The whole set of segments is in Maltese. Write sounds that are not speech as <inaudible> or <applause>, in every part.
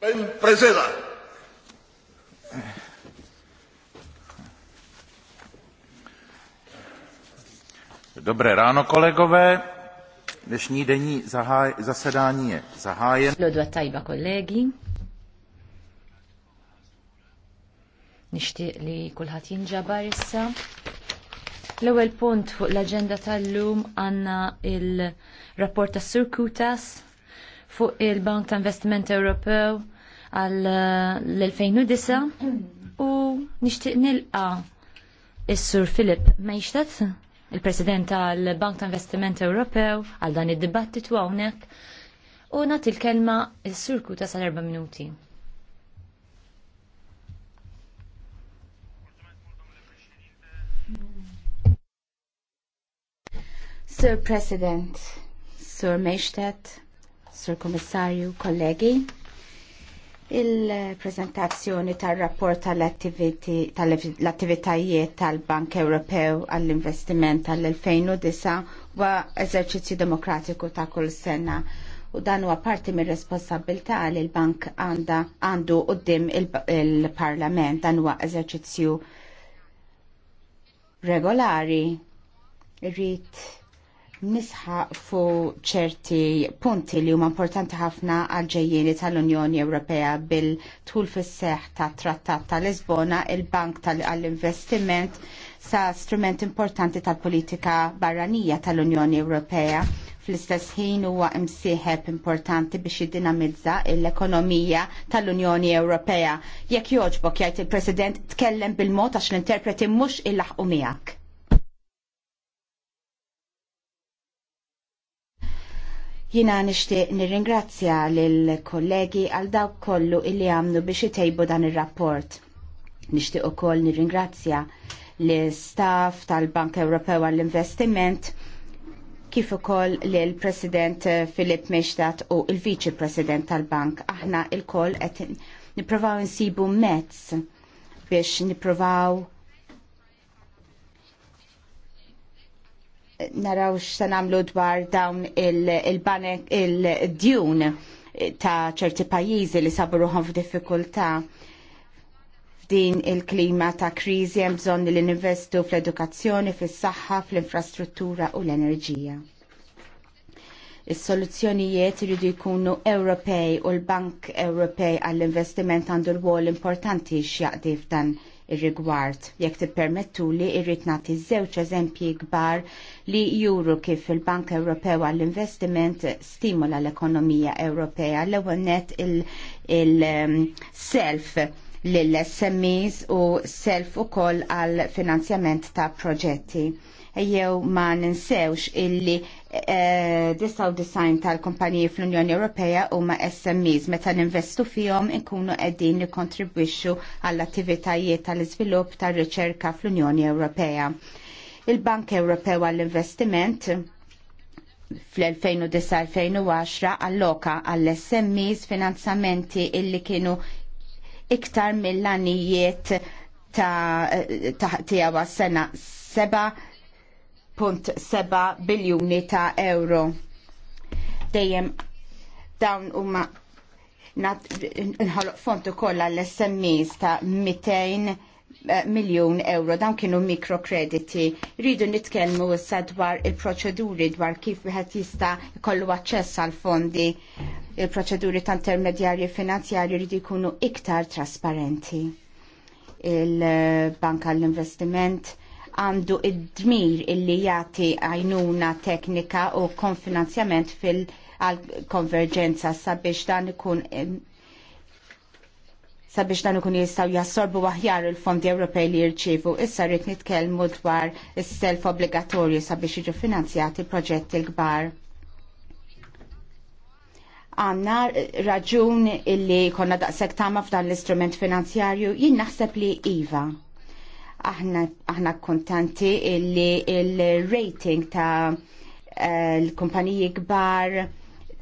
Ben prezeda. Dobré ráno, kolegové. Dnešní denní zahaj, zasedání je zahájen. Lodwa tajba kollegi. Nishtiq li kulħat jinġabar issa. L-ewwel punt fuq l-aġenda tal-lum għandna il-rapport tas-Sur Kutas fuq il-Bank ta' Investiment Ewropew għal eh, l-2009 u nixtieq nilqa is-Sur Filip Mejxtet, il-President tal-Bank ta' Investiment Ewropew għal dan id-dibattitu hawnhekk u nagħti l-kelma is-Sur Kuta sal 4 minuti. Sir President, Sir Meishtet, Sur Komissarju, kollegi, il-prezentazzjoni tal-rapport tal-attivitajiet tal-Bank Ewropew għall-investiment tal-2009 wa eżerċizzju demokratiku ta' kull sena u dan huwa parti mir responsabilità li l-bank għandu qudiem il-Parlament dan huwa eżerċizzju regolari irrid nisħa fu ċerti punti li huma importanti ħafna għal ġejjieni tal-Unjoni Ewropea bil-tul fis-seħ ta' Trattat ta' Lisbona, il-Bank tal-Investiment sa' strument importanti tal-politika barranija tal-Unjoni Ewropea fl-istess ħin huwa imsieħeb importanti biex jiddinamizza l-ekonomija tal-Unjoni Ewropea. Jekk jogħġbok jgħid il-President tkellem bil-mod għax l-interpreti mhux il-laħqu miegħek. Jina nishtiq nirringrazzja lill-kollegi għal dawk kollu illi għamlu biex itejbu dan ir-rapport. Nishtiq ukoll nirringrazzja l-staff tal-Bank Ewropew għall-Investiment kif ukoll lill President Filip Meshtat u il-Viċi President tal-Bank. Aħna il-koll qed nippruvaw insibu mezz biex nippruvaw naraw x'se nagħmlu dwar dawn il-banek il banek il djun ta' ċerti pajjiżi li sabu ruħhom f'diffikultà f'din il-klima ta' kriżi hemm bżonn li ninvestu fl-edukazzjoni, fis-saħħa, fl-infrastruttura u l-enerġija. Is-soluzzjonijiet iridu jkunu Ewropej u l-Bank Ewropej għall-investiment għandu l-wol importanti x'jaqdi f'dan ir-rigward. Jekk tippermettu li irrid nagħti żewġ eżempji kbar li juru kif il-Bank Ewropew għall-investiment stimola l-ekonomija Ewropea l-ewwel net il-self il bank ewropew għall investiment stimola l ekonomija ewropea l ewwel net il um, self lill smes u self ukoll għal finanzjament ta' proġetti. Ejjew ma ninsewx illi Eh, design tal-kumpaniji fl-Unjoni Ewropea huma SMEs meta ninvestu fihom inkunu qegħdin nikkontribwixxu għall-attivitajiet tal-iżvilupp tar-riċerka fl-Unjoni Ewropea. Il-Bank Ewropew għall-Investiment fl-2009-2010 alloka għall-SMEs finanzamenti illi kienu iktar mill-anijiet ta' tiegħu sena seba' 1.7 biljuni ta' euro. Dejjem dawn huma nħoloq fontu kollha l-SMEs ta' 200 eh, miljon euro, dawn kienu mikrokrediti. Rridu nitkellmu issa dwar il-proċeduri dwar kif wieħed jista' jkollu aċċess għal fondi. Il-proċeduri ta' intermedjarji finanzjarji rridu jkunu iktar trasparenti. Il-Banka l-Investiment għandu id-dmir illi jagħti għajnuna teknika u konfinanzjament fil-konverġenza sabiex dan ikun sabiex dan ikun jistaw jassorbu waħjar il-fondi Ewropej li jirċievu. Issa rrit nitkellmu dwar is-self obbligatorju sabiex jiġu finanzjati proġetti l-kbar. Għanna raġun illi konna daqseg tama f'dan l-istrument finanzjarju, jien naħseb li IVA aħna kontanti li il-rating ta' eh, l-kumpaniji kbar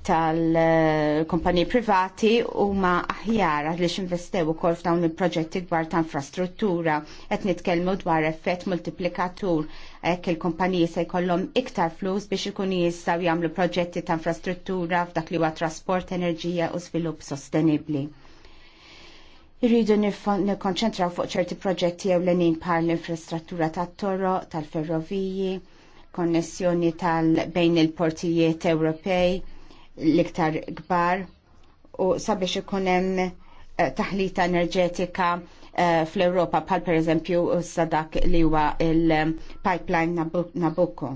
tal-kumpaniji privati huma aħjar għaliex investew ukoll f'dawn il-proġetti kbar ta' infrastruttura qed nitkellmu dwar effett multiplikatur hekk il-kumpaniji se jkollhom iktar flus biex ikunu jistgħu jagħmlu proġetti ta' infrastruttura f'dak li huwa trasport, enerġija u svilupp sostenibbli Irridu nikkonċentraw fuq ċerti proġetti jew lenin par l-infrastruttura tat-toro, tal-ferroviji, konnessjoni tal bejn il-portijiet Ewropej l-iktar kbar u sabiex ikun hemm eh, taħlita enerġetika eh, fl-Ewropa bħal pereżempju s dak li huwa il-pipeline Nabucco.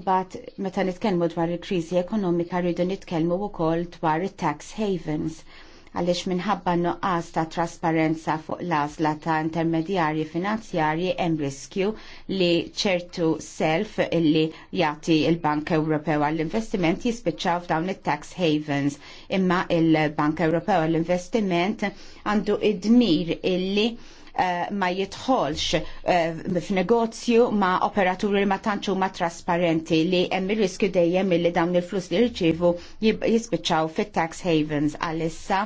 Mbagħad meta nitkellmu dwar il-kriżi ekonomika rridu nitkellmu wkoll dwar it-tax havens għaliex minħabba nuqqas ta' trasparenza fuq l-għażla ta' intermedjarji finanzjarji hemm riskju li ċertu self illi jagħti il-Bank Ewropew għall-investiment jispiċċaw f'dawn it-tax havens. Imma il-Bank Ewropew għall-investiment għandu id-dmir illi Eh, ma jidħolx eh, f'negozju ma operaturi ma tantxu ma trasparenti li hemm ir-riskju dejjem li dawn il-flus li rċivu jispiċċaw fit-tax havens għalissa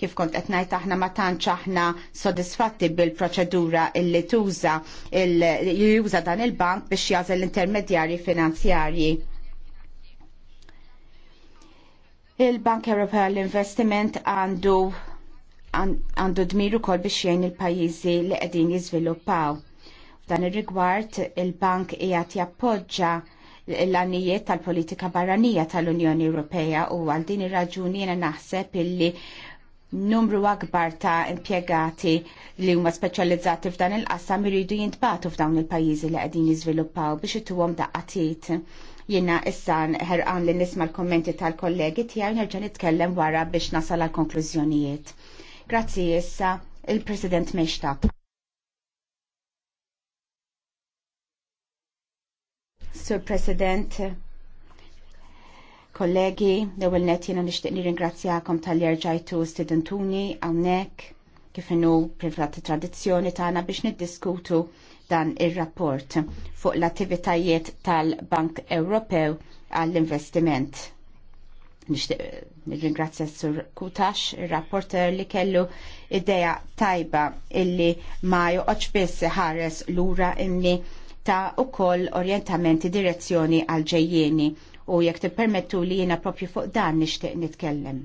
kif kont qed ngħid aħna ma tantx aħna sodisfatti bil-proċedura illi tuża juża dan il-bank biex jażel l-intermedjarji finanzjarji. Il-Bank Ewropea l-Investiment għandu għandu dmiru kol biex jgħin il-pajizi li qegħdin jiżviluppaw. F'dan ir-rigward il-bank qiegħed jappoġġa l-għanijiet tal-politika barranija tal-Unjoni Ewropea u għal din ir-raġuni jiena naħseb illi numru akbar ta' impjegati li huma speċjalizzati f'dan il-qassam iridu jintbatu f'dawn il-pajjiżi li qegħdin jiżviluppaw biex ituhom daqqatit jina issa ħerqan li nisma l-kommenti tal-kollegi tiegħi nerġa' nitkellem wara biex nasal għal konklużjonijiet. Grazzi issa il-President Meshtab. Sur President, kollegi, l-ewel net jena nishtiq nirringrazzjakom tal-jerġajtu studentuni għawnek kif inhu privati tradizzjoni tagħna biex niddiskutu dan ir-rapport fuq l-attivitajiet tal-Bank Ewropew għall-investiment nirringrazzja s-sur Kutax, il-rapporter li kellu ideja tajba illi ma joqoċ biss ħares lura imni ta' u koll orientamenti direzzjoni għal-ġejjeni u jek permettu li jina propju fuq dan nishtiq nitkellem.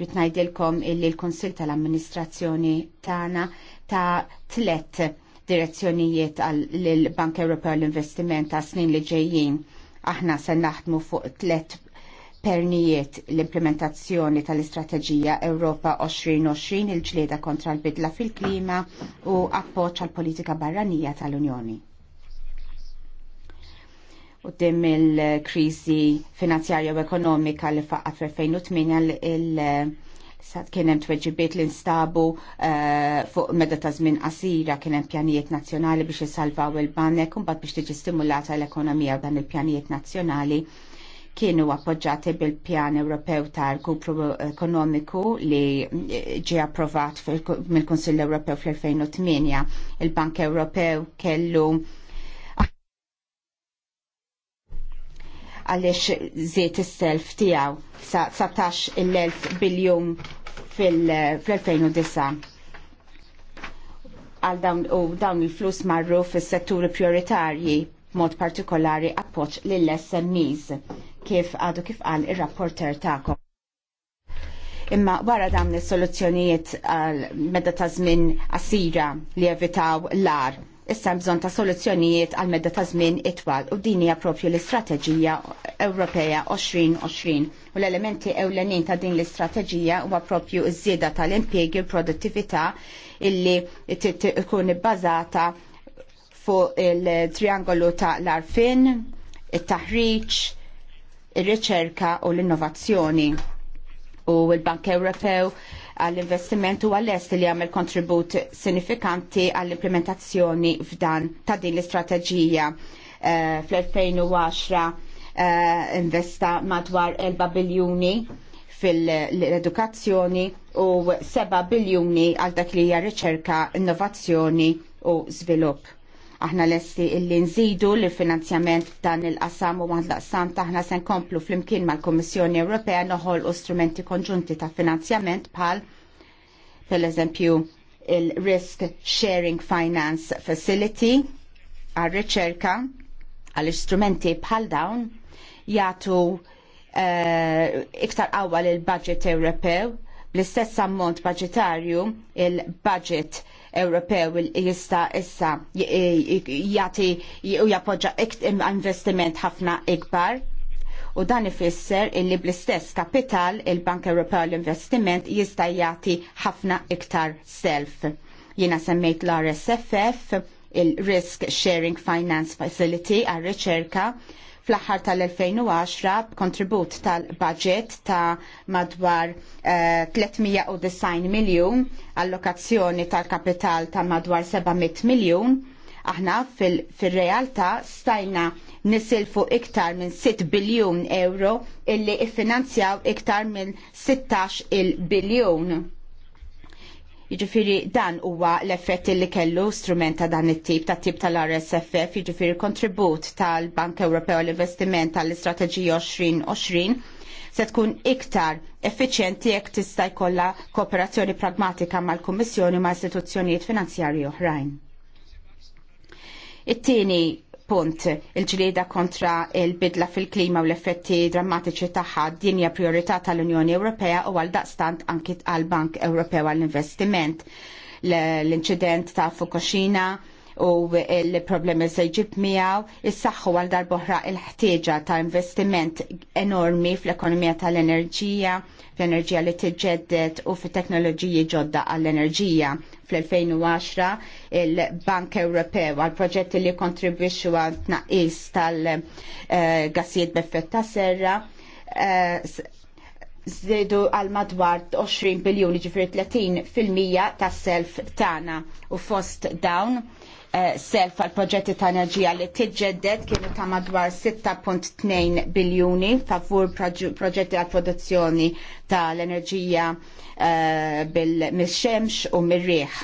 Ritnajdilkom illi l-Konsil tal-Amministrazzjoni tana ta' tlet direzzjonijiet għal-Bank Ewropew l-Investiment ta' snin li ġejjin aħna se naħdmu fuq tlet pernijiet l-implementazzjoni tal-Istrateġija Ewropa 2020 il-ġlieda kontra l-bidla fil-klima u appoċ għal politika barranija tal-Unjoni. U dim il-krizi finanzjarja u ekonomika li faqqa fl-2008 il- Sad kien hemm tweġibiet li nstabu eh, fuq meda ta' żmien qasira kien hemm pjanijiet nazzjonali biex isalvaw il-banek u mbagħad biex tiġi stimulata l-ekonomija dan il-pjanijiet nazzjonali kienu appoġġati bil-Pjan Ewropew ta' rkupru ekonomiku li ġi approvat mill-Konsill Ewropew fl-2008. Il-Bank Ewropew kellu għalix zet is-self tijaw sa' 17 biljon fil-2009 għal dawn u dawn il-flus marru fil setturi prioritarji mod partikolari appoċ lill-SMEs kif għadu kif għal ir-rapporter ta'kom. Imma wara dawn is-soluzzjonijiet għal medda ta' żmien qasira li evitaw l-ar, issa bżonn ta' soluzzjonijiet għal medda ta' żmien itwal u din hija propju l-Istrateġija Ewropea 2020 u l-elementi ewlenin ta' din l-istrateġija huwa propju iż-żieda tal-impjegi u produttività illi tkun ibbażata fuq il-triangolu ta' l-arfin, il-taħriċ, il-riċerka u l-innovazzjoni u l-Bank Ewropew għall-investiment u għall-est li għamil kontribut sinifikanti għall-implementazzjoni f'dan ta' din l-istrateġija uh, fl-2010 uh, investa madwar 4 biljuni fil-edukazzjoni u 7 biljuni għal dak li hija riċerka, innovazzjoni u żvilupp. Aħna lesti illi nżidu li finanzjament dan il-qasam u għand l-qasam taħna sen komplu fl-imkien mal-Kommissjoni Ewropea noħol u strumenti konġunti ta' finanzjament bħal per eżempju il-Risk Sharing Finance Facility għal-riċerka għal-istrumenti bħal dawn jagħtu uh, eh, iktar qawwa lill budget Ewropew bl-istess ammont budgetarju il-budget Ewropew jista issa jagħti u jappoġġa investiment ħafna ikbar u dan ifisser illi bl-istess kapital il-Bank Ewropew l-Investiment jista jagħti ħafna iktar self. Jiena semmejt l-RSFF, il-Risk Sharing Finance Facility għal-riċerka fl-aħħar tal-2010 kontribut tal-budget ta' madwar uh, eh, 390 miljun, allokazzjoni tal-kapital ta' madwar 700 miljun. Aħna fil-realtà fil stajna nisilfu iktar minn 6 biljun euro illi iffinanzjaw iktar minn 16 il-biljun Jiġifieri dan huwa l-effett li kellu strument ta' dan it-tip ta' tip tal-RSFF, jiġifieri kontribut tal-Bank Ewropew l-Investiment tal-Istrateġija 2020 se tkun iktar effiċjenti jekk tista' jkollha kooperazzjoni pragmatika mal-Kummissjoni ma' istituzzjonijiet finanzjarji oħrajn. It-tieni punt il-ġlieda kontra il-bidla fil-klima u l-effetti drammatiċi tagħha dinja priorità tal-Unjoni Ewropea u għal daqstant anki għal Bank Ewropew għall-Investiment. L-inċident ta' Fukushima u il-problemi se jġib miegħu issaħħu għal darbohra il-ħtieġa ta' investiment enormi fl-ekonomija tal-enerġija, fl-enerġija li tiġġedded u fit-teknoloġiji ġodda għall-enerġija fl-2010 il-Bank Ewropew għal proġetti li kontribwixxu għal tnaqqis tal-gassijiet b'effett ta' serra eh, zidu għal madwar 20 biljoni ġifiri 30 fil-mija tas self tana u fost dawn Eh, self għal proġetti ta' enerġija li tiġġedded kienu ta' madwar 6.2 biljuni favur proġetti għal produzzjoni ta' l-enerġija eh, bil-xemx u mir-riħ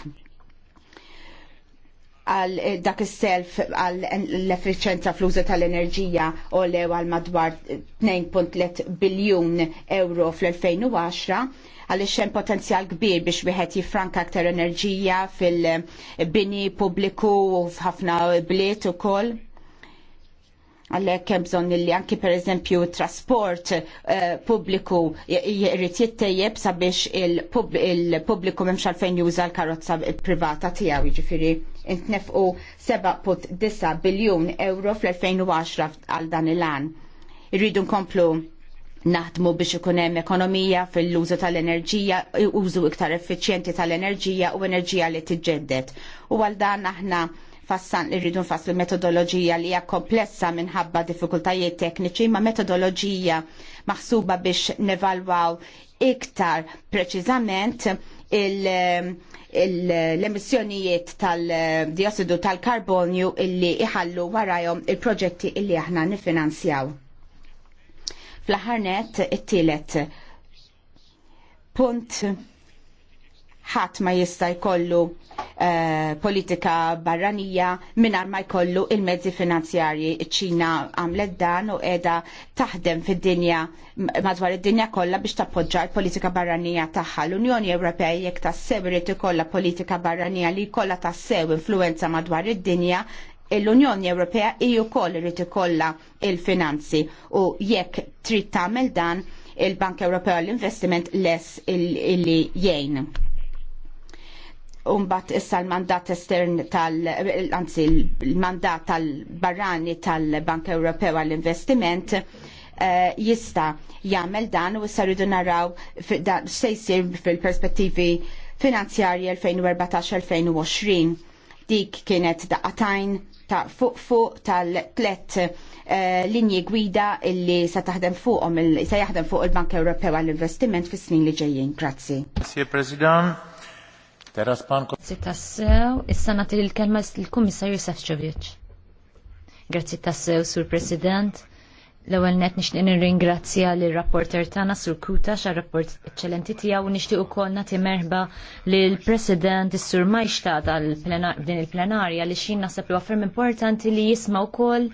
għal eh, dak is-self għal l efficienza fl-użu tal-enerġija u lew għal madwar 2.3 biljun euro fl-2010 għaliex hemm potenzjal kbir biex wieħed jifranka aktar enerġija fil-bini pubbliku u f'ħafna bliet ukoll. Għalhekk hemm bżonn li anki pereżempju t trasport eh, pubbliku jrid jittejjeb sabiex il-pubbliku m'hemmx għalfejn juża l-karozza privata tiegħu jiġifieri intnefqu 7.9 biljun euro fl-2010 għal dan il-għan. Irridu nkomplu naħdmu biex ikun hemm ekonomija fil-użu tal-enerġija, użu iktar effiċjenti tal-enerġija u enerġija li tiġġeddet. U għal dan aħna fassan irridu nfasslu metodoloġija li hija komplessa minħabba diffikultajiet tekniċi ma metodoloġija maħsuba biex nevalwaw iktar preċiżament l-emissjonijiet tal-diossidu tal-karbonju illi iħallu warajhom il-proġetti illi aħna nifinanzjaw. Fl-ħarnet it-tielet punt ħadd ma jista' jkollu eh, politika barranija mingħajr ma jkollu il-mezzi finanzjarji. Ċina għamlet dan u qiegħda taħdem fid-dinja madwar id-dinja kollha biex tappoġġa l-politika barranija tagħha. L-Unjoni Ewropea jekk tassew irid ikollha politika barranija li jkollha tassew influenza madwar id-dinja, l-Unjoni Ewropea hiju wkoll irid ikollha il-finanzi u jekk trid tagħmel dan il-Bank Ewropea l-Investiment less illi jgħin. Umbat issa l-mandat estern tal anzi l-mandat tal-barrani tal-Bank Ewropea l-Investiment eh, jista jagħmel dan u issa rridu naraw se jsir fil-perspettivi finanzjarji 2014-2020. Dik kienet daqatajn ta' fuq fuq tal-tlet eh, linji gwida illi se taħdem fuqhom se jaħdem fuq il-Bank Ewropew għall-investiment fis-snin li ġejjin. Grazzi. Sir President, teras Panko. Grazzi tassew, issa nagħti lill kelma l-Kummissarju Sefcovic. Grazzi tassew, Sur President L-ewwel net nixtieq nirringrazzja lir rapporter tagħna Sur Kuta xar rapport eċċellenti tiegħu u nixtieq ukoll nagħti merħba lill President is-Sur Majxta tal-din il-plenarja li xin naħseb li ferm importanti li jisma' wkoll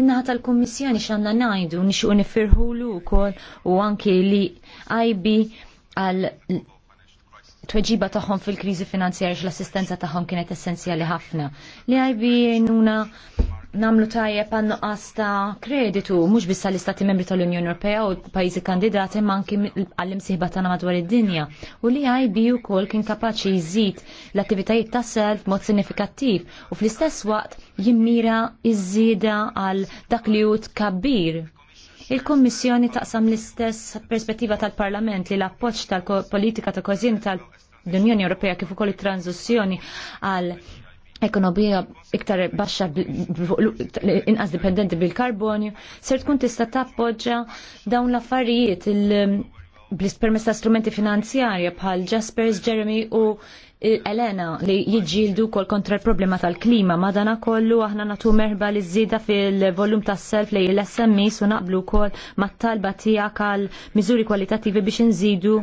minnaħat tal-Kummissjoni x'għandna ngħidu nixtiequ nifirħulu wkoll u anki li għajbi għal tweġiba tagħhom fil-kriżi finanzjarja l-assistenza tagħhom kienet essenzjali ħafna. Li għajbi jgħinuna namlu tajjeb għannu għasta kreditu, mux bissa l-istati membri tal-Unjoni Ewropea u pajizi kandidati manki għallim siħba tana madwar id-dinja. U li għaj biju kol kien kapaċi jizzit l-attivitajiet ta' self mod sinifikattiv u fl-istess waqt jimmira jizzida żida għal dak li jut kabbir. Il-Kommissjoni taqsam l-istess perspettiva tal-Parlament li l-appoċ tal-politika ta' kozin tal-Unjoni Ewropea kif ukoll it-tranzizzjoni għal ekonomija iktar baxxa inqas dipendenti bil-karbonju, ser tkun tista' tappoġġa dawn l-affarijiet bl-permess ta' strumenti finanzjarja bħal Jaspers, Jeremy u eh, Elena li jiġġieldu kol kontra l-problema tal-klima madana kollu aħna natu merba li żida fil-volum tas self li l-SMI su naqblu kol mat-talba tijak għal miżuri kwalitativi biex nżidu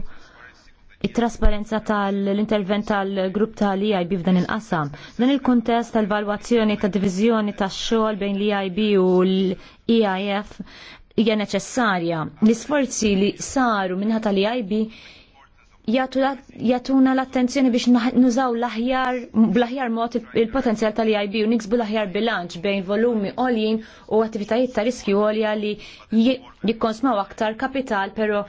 it-trasparenza tal-intervent tal-grupp tal iib f'dan il-qasam. Dan il-kontest tal-valwazzjoni ta' divizjoni ta' xogħol bejn l iib u l-EIF hija neċessarja. L-isforzi li saru minħa tal iib jatuna l-attenzjoni biex nużaw l-aħjar bl-aħjar mod il-potenzjal tal-IB u niksbu l-aħjar bilanċ bejn volumi oljin u attivitajiet ta' riskju għolja li jikkonsmaw aktar kapital pero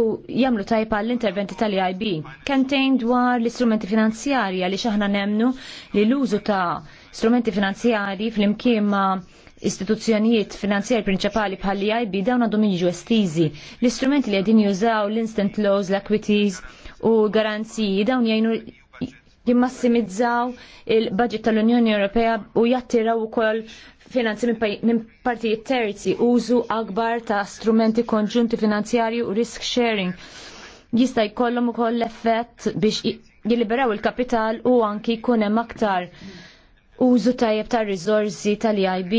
u jamlu tajpa l-interventi tal-IB. Kentejn dwar l-istrumenti finanzjarja li xaħna nemnu li l-użu ta' strumenti finanzjari fl-imkien ma' istituzzjonijiet finanzjari prinċipali bħal e IB dawn għadhom jiġu estizi. L-istrumenti li għedin jużaw l-instant laws, l-equities u garanziji dawn jajnu jimmassimizzaw il-budget tal-Unjoni Ewropea u jattiraw ukoll finanzi minn partijiet terzi, użu akbar ta' strumenti konġunti finanzjarju u risk sharing. Jista' jkollhom ukoll effett biex jiliberaw il-kapital u anki jkun hemm aktar użu tajjeb ta' riżorsi tal-IB.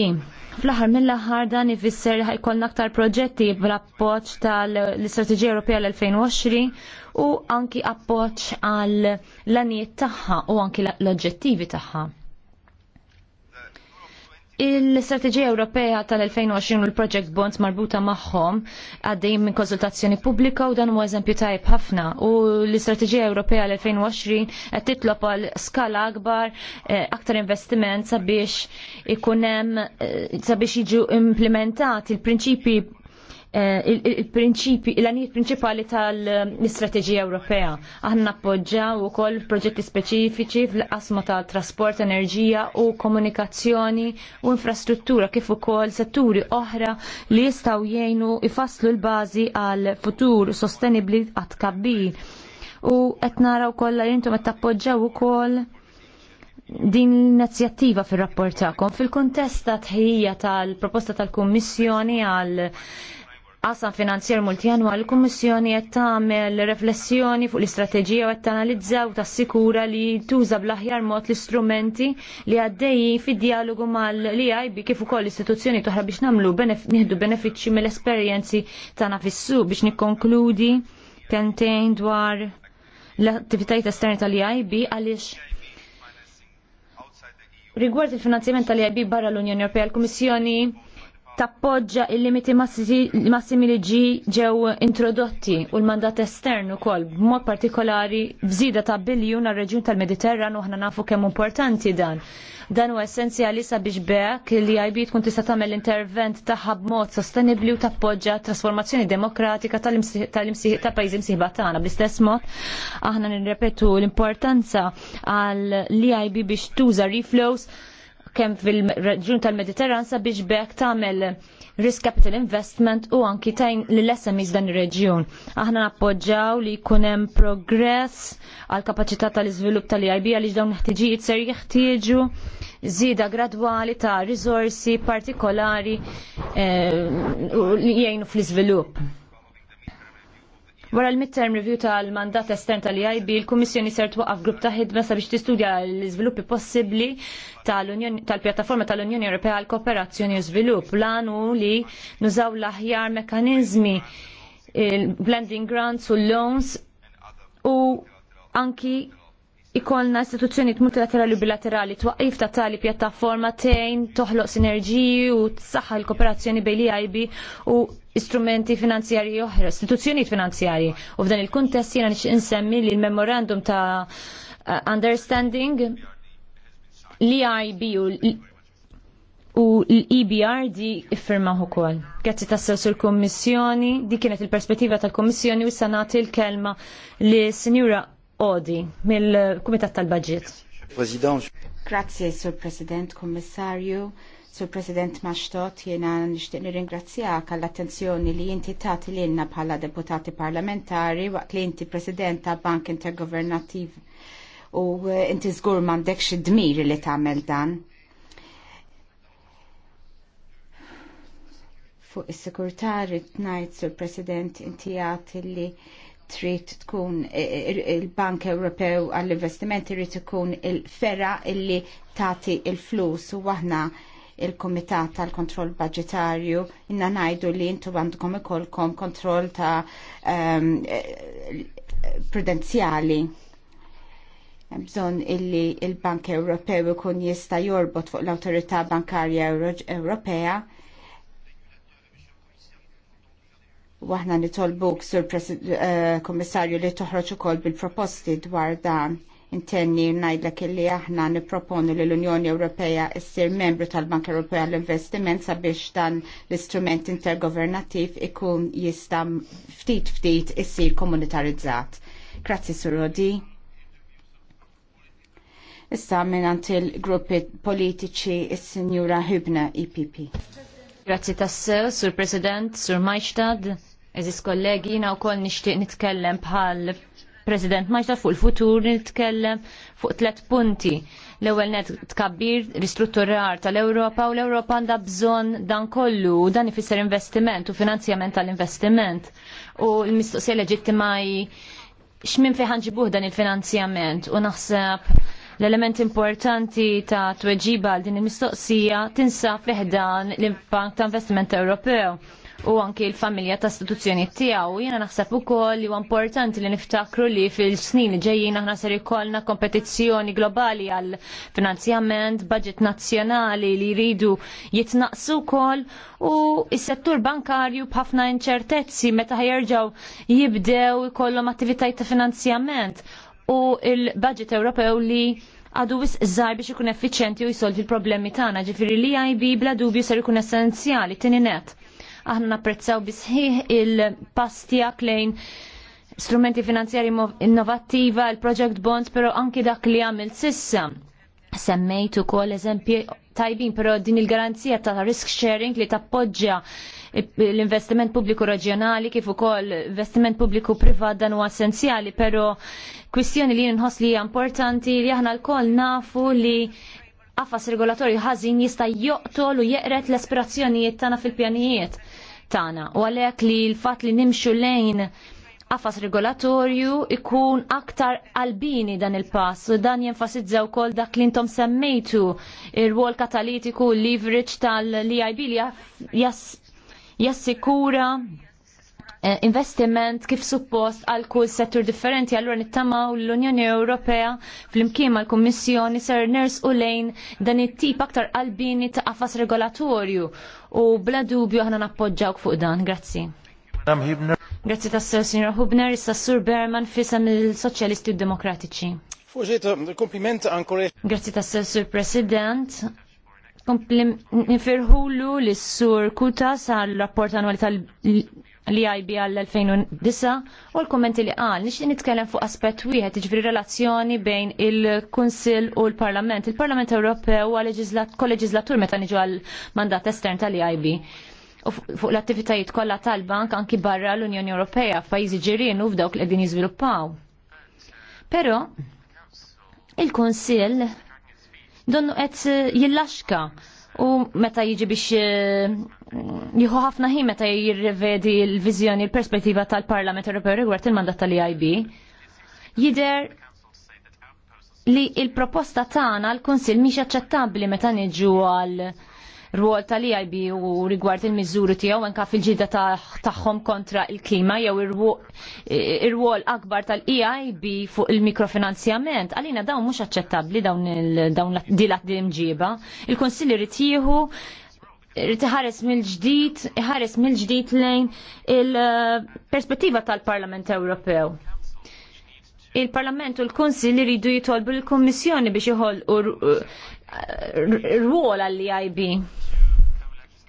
Fl-aħħar mill-aħħar dan ifisser ħajkollna aktar proġetti bl-appoġġ tal-Istrateġija Ewropea l-2020 u anki appoġġ għal l-anijiet tagħha u anki l-oġġettivi tagħha. Il-Strategija Ewropea tal-2020 u l-Project Bonds marbuta magħhom għaddejjin minn konsultazzjoni pubblika u dan huwa eżempju tajb ħafna. U l-Istrateġija Ewropea l-2020 qed titlob għal skala akbar eh, aktar investiment sabiex ikun hemm eh, sabiex jiġu implementati l prinċipi Eh, il-prinċipi, il-għanijiet prinċipali tal-istrateġija Ewropea. Aħna appoġġaw u koll proġetti speċifiċi fl-qasma tal-trasport, enerġija u komunikazzjoni u infrastruttura kif ukoll setturi oħra li jistaw jgħinu ifasslu l-bażi għal futur sostenibli għat kabbir. U qed naraw kollha jintom qed tappoġġaw ukoll din l-inizjattiva fil-rapport tagħkom fil-kontest ta' tħejja tal-proposta tal-Kummissjoni għal qasam finanzjer multijanwali l-Kummissjoni qed tagħmel riflessjoni fuq l-istrateġija u qed tanalizza u tassikura li tuża bl-aħjar mod l-istrumenti li għaddeji fid-dialogu mal-EIB kif ukoll l-istituzzjoni toħra biex nagħmlu nieħdu benefiċċji mill-esperjenzi tagħna fis-suq biex nikkonkludi kentejn dwar l-attivitajiet esterni tal ib għaliex Rigward il-finanzjament tal ib barra l-Unjoni Ewropea, l-Kummissjoni tappoġġa il-limiti massimi li ġi ġew introdotti u l-mandat esternu kol b'mod partikolari bżida ta' biljun għal reġjun tal-Mediterran u ħna nafu kemm importanti dan. Dan u essenzjali sabiex beħk li IB tkun tista' tagħmel intervent tagħha b'mod sostenibbli u tappoġġa trasformazzjoni demokratika tal-imsieħ pajjiżi msieħba tagħna. Bl-istess mod aħna nirrepetu l-importanza għal l-IB biex tuża reflows kem fil-reġjun tal-Mediterran sabiex bekk tagħmel risk capital investment u anki tajn l-SMEs dan ir-reġjun. Aħna nappoġġaw li jkun hemm progress għal kapaċità tal-iżvilupp tal-IB għaliex dawn l-ħtiġijiet ser jeħtieġu żieda gradwali ta' risorsi partikolari eh, li jgħinu fl-iżvilupp. Wara l-midterm review tal-mandat estern tal-IIB, il-Kummissjoni ser twaqaf grupp ta' ħidma sabiex tistudja l-iżviluppi possibbli tal-pjattaforma tal-Unjoni Ewropea għal kooperazzjoni u żvilupp. L-għanu li nużaw l-aħjar mekanizmi il-blending grants u loans u anki ikolna istituzzjonijiet multilaterali u bilaterali twaqif ta' tali pjattaforma tejn toħloq sinerġiji u tsaħħa l-kooperazzjoni bejn l-IB u istrumenti finanzjarji oħra, istituzzjonijiet finanzjarji. U f'dan il-kuntest jiena nix insemmi li l-memorandum ta' uh, understanding l-IB e u l-EBR di iffirmaħu kol. Grazzi tassew sur kommissjoni di kienet il-perspettiva tal-Kommissjoni u sanat il-kelma li Sinjura Odi mill-Kumitat tal-Budget. President. Grazie, Sur President, Kommissarju. Sur President Maxtot, jena nishtiq nirringrazzjak għall-attenzjoni li jinti tagħti lilna bħala deputati parlamentari waqt li inti President ta' Bank Intergovernativ u inti żgur mandek id-dmir li tagħmel dan. Fuq is t-najt, Sur President, inti għati li trid tkun e, e, il-Bank Ewropew għall-investimenti trid ikun il-ferra illi tagħti il-flus u aħna il-Komitat tal-Kontroll Budgetarju inna najdu li intu għandkom ikolkom kontroll ta' um, prudenzjali bżon illi il-Bank Ewropew ikun jista' jorbot fuq l-Awtorità Bankarja Ewropea Waħna nitolbuk, Sur Komissarju, eh, Kommissarju, li toħroġ ukoll bil-proposti dwar dan intenni najdlek illi aħna niproponu li l-Unjoni Ewropea issir membru tal-Bank Ewropea l-Investiment sabiex dan l-istrument intergovernattiv ikun jista ftit ftit issir komunitarizzat. Grazzi Surodi. Issa minn il-gruppi politiċi is-Sinjura Hübna EPP. Grazzi tassew, Sur President, Sur Majstad, eżis kollegi, jina u koll nishtiq nitkellem bħal President Majstad fuq il-futur nitkellem fuq tlet punti. L-ewel net tkabbir ristrutturar tal-Europa u l-Europa għandha bżonn dan kollu u dan ifisser investiment u finanzjament tal-investiment. U l-mistoqsija leġittimaj x'min fejn ħanġibuh dan il-finanzjament u naħseb L-element importanti ta' tweġiba għal din il-mistoqsija tinsab fiħdan l-Bank ta' Investiment Ewropew u anki l-familja ta' istituzzjoni tiegħu. Jiena naħseb ukoll li huwa importanti li niftakru li fil-snin li ġejjin aħna ser ikollna kompetizzjoni globali għal finanzjament, budget nazzjonali li jridu jitnaqsu wkoll u s-settur bankarju b'ħafna inċertezzi meta ħjerġgħu jibdew ikollhom attivitajiet ta' finanzjament u il-budget Ewropew li għadu wis żgħar biex ikun effiċjenti u jsolvi l-problemi tagħna, ġifieri li IB bla dubju ser ikun essenzjali tieni net. Aħna napprezzaw bisħieħ il tiegħek lejn strumenti finanzjari innovattiva, il-project bonds, pero anki dak li għamil sissa Semmejt ukoll eżempji tajbin, però din il-garanzija ta' risk sharing li tappoġġja l-investiment pubbliku reġjonali kif ukoll investiment pubbliku privat dan huwa essenzjali, però kwistjoni li nħoss li hija importanti li aħna lkoll nafu li qafas regolatorju ħażin jista' joqtol u jeqret l-aspirazzjonijiet tagħna fil-pjanijiet tagħna. U għalhekk li l-fatt li nimxu lejn għafas regolatorju ikun aktar albini dan il-pass. Dan jenfasizza kol dak li intom semmejtu ir-rwol katalitiku leverage tal-EIB li jassikura eh, investiment kif suppost għal kull settur differenti allura nittamaw l-Unjoni Ewropea fl-imkien mal kummissjoni ser ners u lejn dan it-tip aktar qalbini ta' qafas regolatorju u bla dubju aħna nappoġġawk fuq dan. Grazzi. Grazzi tas-sew, Sinjor Hubner, issa Sur Berman fisem il-Soċjalisti u Demokratiċi. Fuġiet, kompliment ankore. Grazzi tas Sur President. Nifirħulu li sur Kuta għal rapport annwali tal-IB għall-2009 u l-kommenti li għal. Nix nitkellem fuq aspet wieħed iġviri relazzjoni bejn il-Kunsil u l-Parlament. Il-Parlament Ewropew għal-leġizlatur meta niġu għal-mandat estern tal-IB fuq l-attivitajiet kollha tal-bank anki barra l-Unjoni Ewropea f'pajjiżi ġirien u f'dawk li qegħdin jiżviluppaw. Però il-Kunsill donnu qed jillaxka u meta jiġi biex eh, jieħu ħafna ħin meta jirrevedi l-viżjoni l-perspettiva tal-Parlament Ewropew rigward il-mandat tal-EIB. Jider li il-proposta tagħna l-Kunsill mhix aċċettabbli meta niġu għal rwol tal-IIB u rigward il-miżuri tiegħu anke fil-ġida tagħhom kontra il-klima jew ir-rwol akbar tal-EIB fuq il-mikrofinanzjament. Għalina dawn mhux aċċettabbli dawn dawn dilat imġiba. il kunsilli irid jieħu tħares mill-ġdid, ħares mill-ġdid lejn il-perspettiva tal-Parlament Ewropew. Il-Parlament u l kunsilli rridu jitolbu l-Kommissjoni biex iħol rwol għalli IB.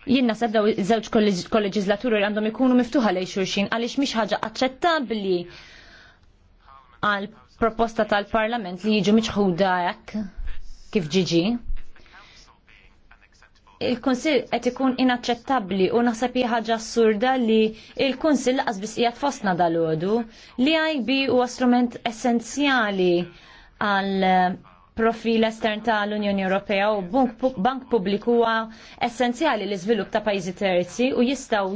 Jien nasab daw żewġ kolleġislaturi għandhom ikunu miftuħa lej xurxin, għaliex mhix ħaġa aċċettabbli għal proposta tal-Parlament li jiġu miċħuda hekk kif ġiġi. Il-Kunsill qed ikun inaċċettabbli u naħseb hija ħaġa assurda li il-Kunsill laqas biss qiegħed fostna dal li IB huwa strument essenzjali għal profil estern tal-Unjoni Ewropea u bank pubbliku huwa essenzjali l iżvilupp ta' pajjiżi terzi u jistgħu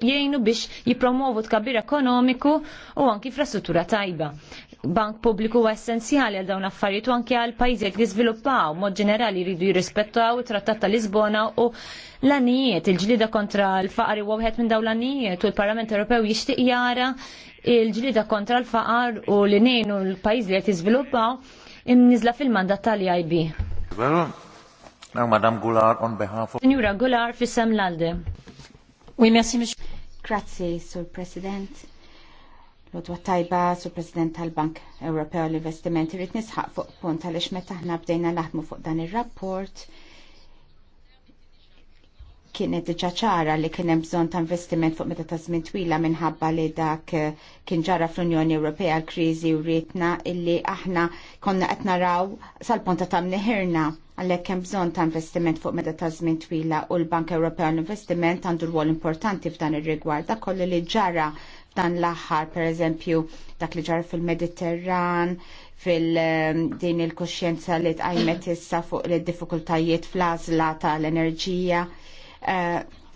jgħinu biex jippromovu tkabbir ekonomiku u anki infrastruttura tajba. Bank pubbliku huwa essenzjali għal dawn affarijiet u anki għal pajjiżi li żviluppaw mod ġenerali jridu jirrispettaw it-Trattat ta' Lisbona u l-anijiet, il-ġlida kontra l-faqar huwa wieħed minn dawn l-anijiet u l-Parlament Ewropew jixtieq jara il-ġlida kontra l-faqar u li nejnu l-pajjiż li qed jiżviluppaw nizla fil-mandat tal-IB. Madame Goulard on behalf of... Signora Goulard fissem l Oui, merci, monsieur. Grazie, Sur President. Lodwa tajba, Sur President tal-Bank Ewropew l-Investimenti, rrit nisħaq fuq punt għalix meta ħna bdejna laħmu fuq dan il-rapport kienet diġa ċara li kien hemm bżonn ta' investiment fuq meta ta' żmien twila minħabba li dak eh, kien ġara fl-Unjoni Ewropea l-kriżi u rietna illi aħna konna qed naraw sal-ponta ta' mniħirna għalhekk hemm bżonn ta' investiment fuq meta ta' żmien twila u l-Bank Ewropea l-Investiment għandu rwol importanti f'dan ir-rigward dak kollu li ġara f'dan l-aħħar pereżempju dak li ġara fil-Mediterran fil-din il-kuxjenza li tqajmet issa fuq il-diffikultajiet fl għażla tal-enerġija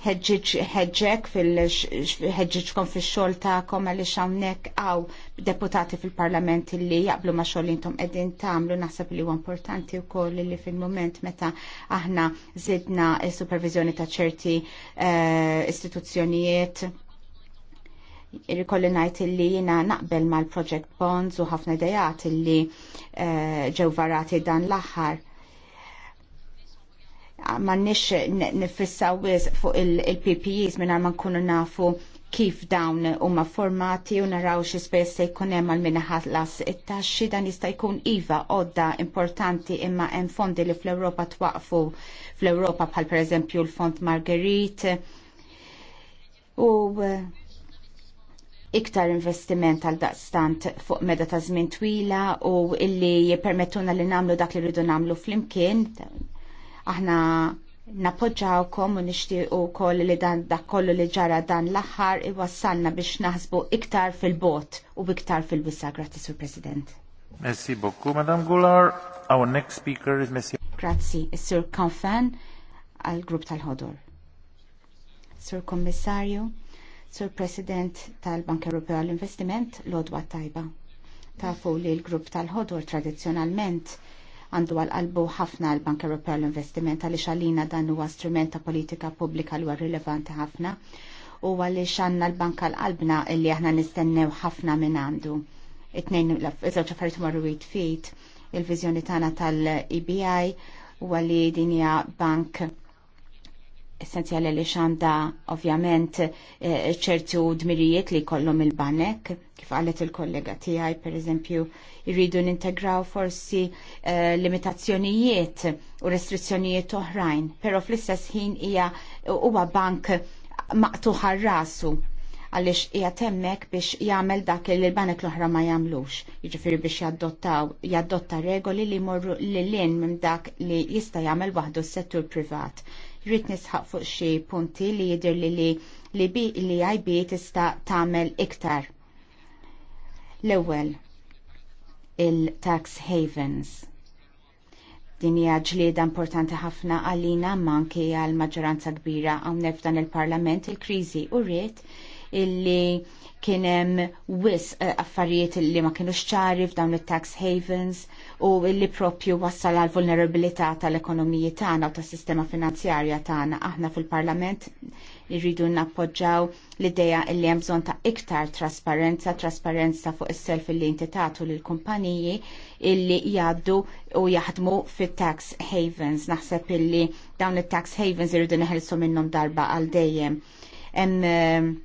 ħedġek fil-ħedġiġkom fil-xol koma li xawnek għaw deputati fil-parlament li jaqblu ma xol intom edin tamlu naħseb li huwa importanti u koll li fil-moment meta aħna zidna il-supervizjoni ta' ċerti eh, istituzzjonijiet irrikolli najt illi jina naqbel mal-project bonds u ħafna dejat li eh, ġew varati dan l-aħħar nix nifissaw wis fuq il-PPEs minna ma nkunu nafu kif dawn huma formati u naraw xi spess se jkun hemm għal minna ħallas it-taxxi dan jista' jkun iva għodda importanti imma hemm fondi li fl-Ewropa twaqfu fl-Ewropa bħal pereżempju l-Fond Marguerite u eh, iktar investiment għal daqstant fuq meda ta' żmien twila u illi jippermettuna li nagħmlu dak li rridu nagħmlu flimkien Aħna kom u nixtiequ wkoll li dan dakollu kollu li ġara dan l-aħħar iwassalna biex naħsbu iktar fil-bot u iktar fil-wisa. Grazzi, Sur President. Merci beaucoup, Madame Goulard. Our next speaker is Monsieur. Grazzi, Sur Kanfan al grupp tal-ħodor. Sur Kommissarju, Sur President tal-Bank Europeo għall-Investiment, Lodwa Tajba. Tafu li l-grupp tal-ħodor tradizzjonalment għandu għal-qalbu ħafna l-Bank Ewropew l-Investiment għaliex għalina dan huwa strument ta' politika pubblika li huwa rilevanti ħafna u għaliex għandna l-banka l-qalbna illi aħna nistennew ħafna minn għandu. It-tnejn iż-żewġ affarijiet marru fit il-viżjoni tagħna tal-EBI u għalli dinja bank essenzjali li xanda ovvjament eh, ċertu dmirijiet li kollom il-banek, kif għalet il-kollega tijaj, per eżempju, irridu nintegraw forsi eh, limitazzjonijiet u restrizzjonijiet oħrajn, pero fl-istess ħin hija huwa bank maqtuħa rasu għalix hija temmek biex jagħmel dak li l-banek l-oħra ma jagħmlux. Jiġifieri biex jaddottaw jaddotta regoli li morru lil lin minn dak li jista' jagħmel waħdu s-settur privat. Rrid nisħaq fuq xi punti li jidher li li li bi li IB tista' tagħmel iktar. L-ewwel il-tax havens. Din hija ġlieda importanti ħafna għalina manki għal maġġoranza kbira hawnhekk f'dan il-Parlament il-kriżi u rrid illi kien hemm wis eh, affarijiet li ma kienux ċari f'dawn it-tax havens u li propju wassal għal vulnerabilità tal-ekonomiji tagħna u tas-sistema finanzjarja tagħna aħna fil-Parlament irridu nappoġġaw l-idea li hemm bżonn ta' iktar trasparenza, trasparenza fuq is-self li inti tagħtu lil kumpaniji illi jgħaddu u jaħdmu fit-tax havens. Naħseb illi dawn it-tax havens irridu neħelsu minnhom darba għal dejjem. Eh,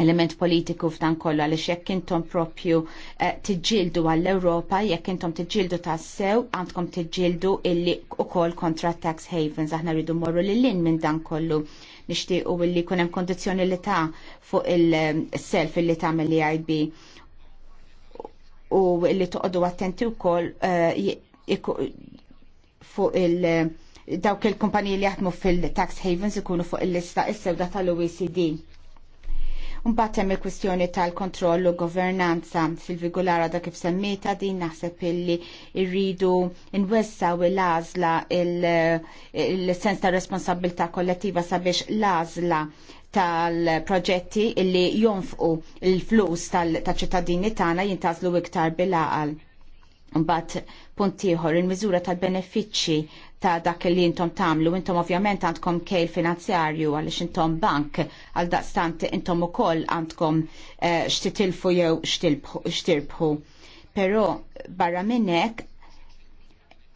element politiku f'dan kollu għaliex jekk intom propju eh, tiġġieldu għall-Ewropa, jekk intom tiġġieldu tas-sew, għandkom tiġġieldu illi ukoll kontra tax havens. Aħna rridu morru l lin minn dan kollu nixtiequ illi jkun hemm kondizzjoni li ta' fuq il-self illi tagħmel li e IB u illi toqgħodu attenti wkoll eh, fuq il- dawk il-kumpaniji li jaħdmu fil-tax havens ikunu fuq il-lista is-sewda tal-OECD Mbagħad hemm il-kwistjoni tal kontrollu u governanza fil-vigulara da kif semmita din naħseb illi rridu nwessaw l-għażla il-sens ta' responsabilità kollettiva sabiex l-għażla tal-proġetti illi jonfqu il-flus tal-ċittadini tagħna jintazlu iktar bil aqal Mbagħad punt ieħor il-miżura tal-benefiċċji ta' dak li intom tamlu, intom ovvjament għandkom kejl finanzjarju għalix intom bank, għal daqstant intom u koll għandkom eh, xtitilfu jew xtirbħu. Pero barra minnek,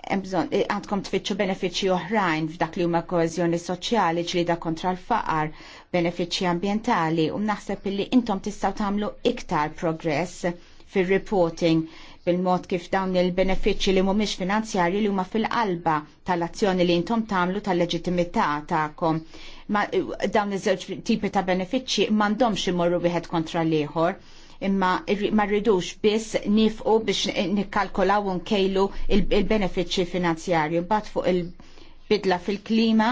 eh, għandkom tfittxu benefiċi oħrajn f'dak li huma koezjoni soċjali ġlida kontra l-faqar, benefiċi ambientali, u um naħseb li intom tistaw tamlu iktar progress fil-reporting bil-mod kif dawn il-benefiċċji li mhumiex finanzjarji li huma fil-qalba tal-azzjoni li intom tagħmlu tal-leġittimità tagħkom. Ma dawn iż-żewġ tipi ta' benefiċċji m'għandhomx imorru wieħed kontra l-ieħor imma ma rridux biss nifqu biex nikkalkolaw nkejlu il-benefiċċji finanzjarju. Bat fuq il-bidla fil-klima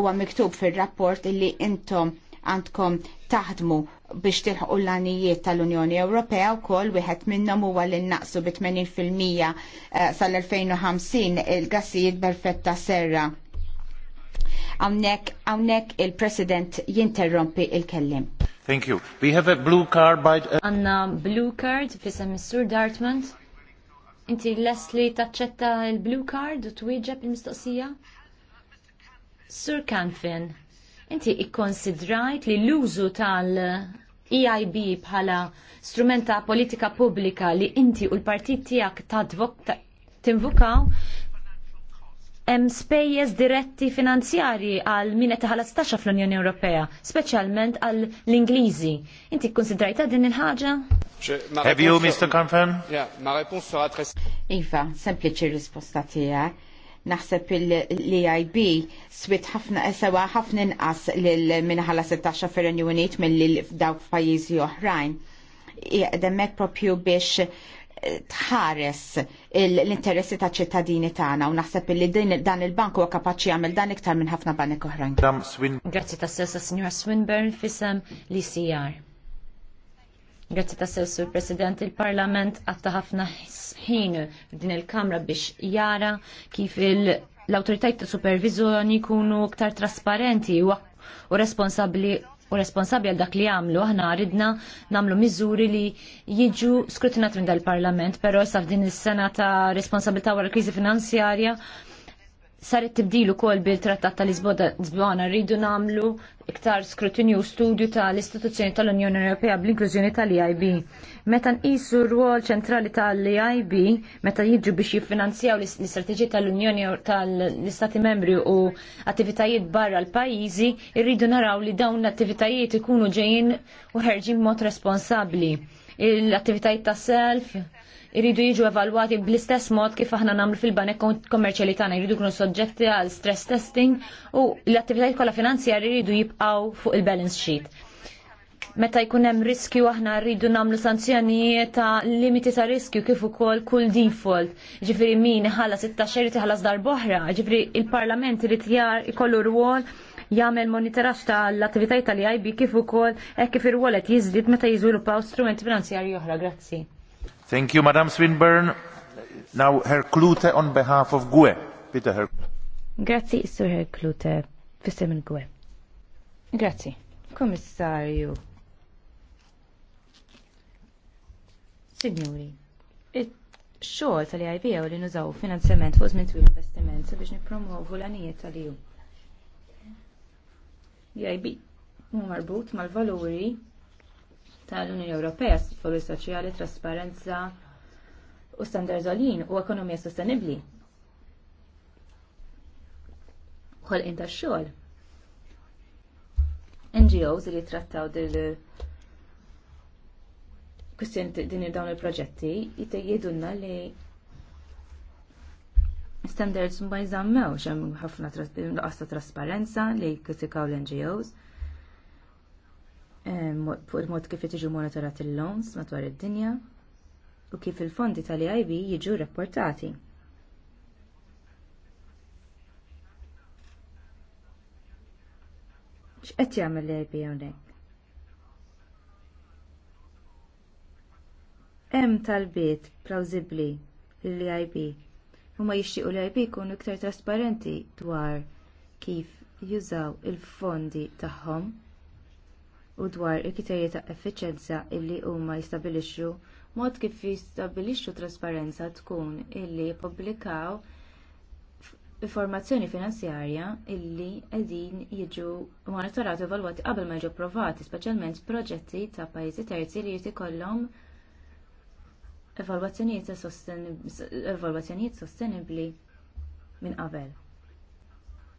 huwa miktub fir-rapport illi intom għandkom taħdmu biex tilħu l-għanijiet tal-Unjoni Ewropea u koll wieħed minnhom huwa li naqsu bi 80% eh, sal-2050 il-gassijiet perfetta serra. Għawnek, il-President jinterrompi il-kellim. Thank you. We have a blue card by... Anna blue card fisa Mr. Dartmouth. Inti les li taċċetta il-blue card u twieġeb il-mistoqsija? Sir Canfin. Inti ikkonsidrajt li l-użu tal EIB bħala strumenta politika pubblika li inti u l-partit tijak ta' tinvukaw hemm spejjeż diretti finanzjarji għal min qed taħallas taxxa fl-Unjoni Ewropea, speċjalment għal l-Ingliżi. Inti kkunsidrajta din il-ħaġa? Have you, Mr. Confirm? Yeah, ma réponse sera très... Iva, sempliċi risposta tiegħek Naħseb l-EIB swit ħafna sewa ħafna inqas lil minħala 16 fir Unit mill dawk pajjiżi oħrajn. Demmek propju biex eh, tħares l-interessi ta' ċittadini tagħna u naħseb li dan il-bank huwa kapaċi jagħmel dan iktar minn ħafna banek oħrajn. Grazzi tas-sessa Sinjora Swinburne fisem l-ICR. Grazzi ta' sessu il-President, il-Parlament għatta ħafna ħin din il-Kamra biex jara kif l-autoritajt ta' supervizjoni kunu ktar trasparenti u responsabli u responsabli għal dak li għamlu, aħna ridna namlu miżuri li jiġu skrutinat minn dal-Parlament, pero sa' din is-sena ta' responsabilità wara l-kriżi finanzjarja saret tibdilu kol bil-trattat tal-Lisbona rridu namlu iktar skrutinju u studju tal-istituzzjoni tal-Unjoni Ewropea bl-inklużjoni tal-EIB. Meta nqisu r-rwol ċentrali tal-EIB, meta jiġu biex jiffinanzjaw l-istrateġiji tal-Unjoni tal-Istati membri u attivitajiet barra l-pajjiżi, irridu naraw li dawn l-attivitajiet ikunu ġejjin u ħerġin mod responsabbli. L-attivitajiet tas self iridu jiġu evalwati bl-istess mod kif aħna nagħmlu fil-banek kommerċjali tagħna, jridu jkunu soġġetti għal stress testing u l-attivitajiet kollha finanzjarji jridu jibqgħu fuq il-balance sheet. Meta jkun hemm riskju aħna rridu nagħmlu sanzjonijiet ta' limiti ta' riskju kif ukoll kull default. Ġifieri min ħalla 16 tiħallas darb'oħra, ġifieri il-Parlament irid jar ikollu rwol jagħmel monitoraġġ tal-attivitajiet tal-IB kif ukoll hekk kif ir-wallet jiżdied meta jiżviluppaw strumenti finanzjarji oħra. Grazzi. Thank you, Madam Swinburne. Now, Herr Klute on behalf of GUE. Peter Herr. Grazzi, Sir Herr Klute, fissem il-GUE. Grazzi. Commissario. Signori, xogħol tal-IIB u li nużaw finanzjament fuq żmien twil investiment sabiex nippromovu l-għanijiet tal-EU. l-IIB e marbut mal-valuri tal-Unjoni Ewropea fuq soċjali, trasparenza u standard għolin u ekonomija sostenibbli. Ħolqin ta' xogħol. NGOs li trattaw dil kwistjoni din dawn il-proġetti jgħidulna li standards ma jżammewx hemm ħafna trasparenza li jkritikaw l-NGOs fuq il-mod kif jtiġu monitorat il-loans matwar id-dinja u kif il-fondi tal-IB jiġu rapportati. X'qed jagħmel l-IB e hawnhekk? Hemm talbiet plawżibbli lill-IB huma jixtiequ l-IB e jkunu iktar trasparenti dwar kif jużaw il-fondi tagħhom u dwar il-kriterji ta' effiċenza illi huma jistabilixxu mod kif jistabilixxu trasparenza tkun illi jippubblikaw informazzjoni finanzjarja illi qegħdin jiġu monitorati u evalwati qabel ma jiġu approvati, speċjalment proġetti ta' pajjiżi terzi li jrid ikollhom evalwazzjonijiet sostenibbli minn qabel.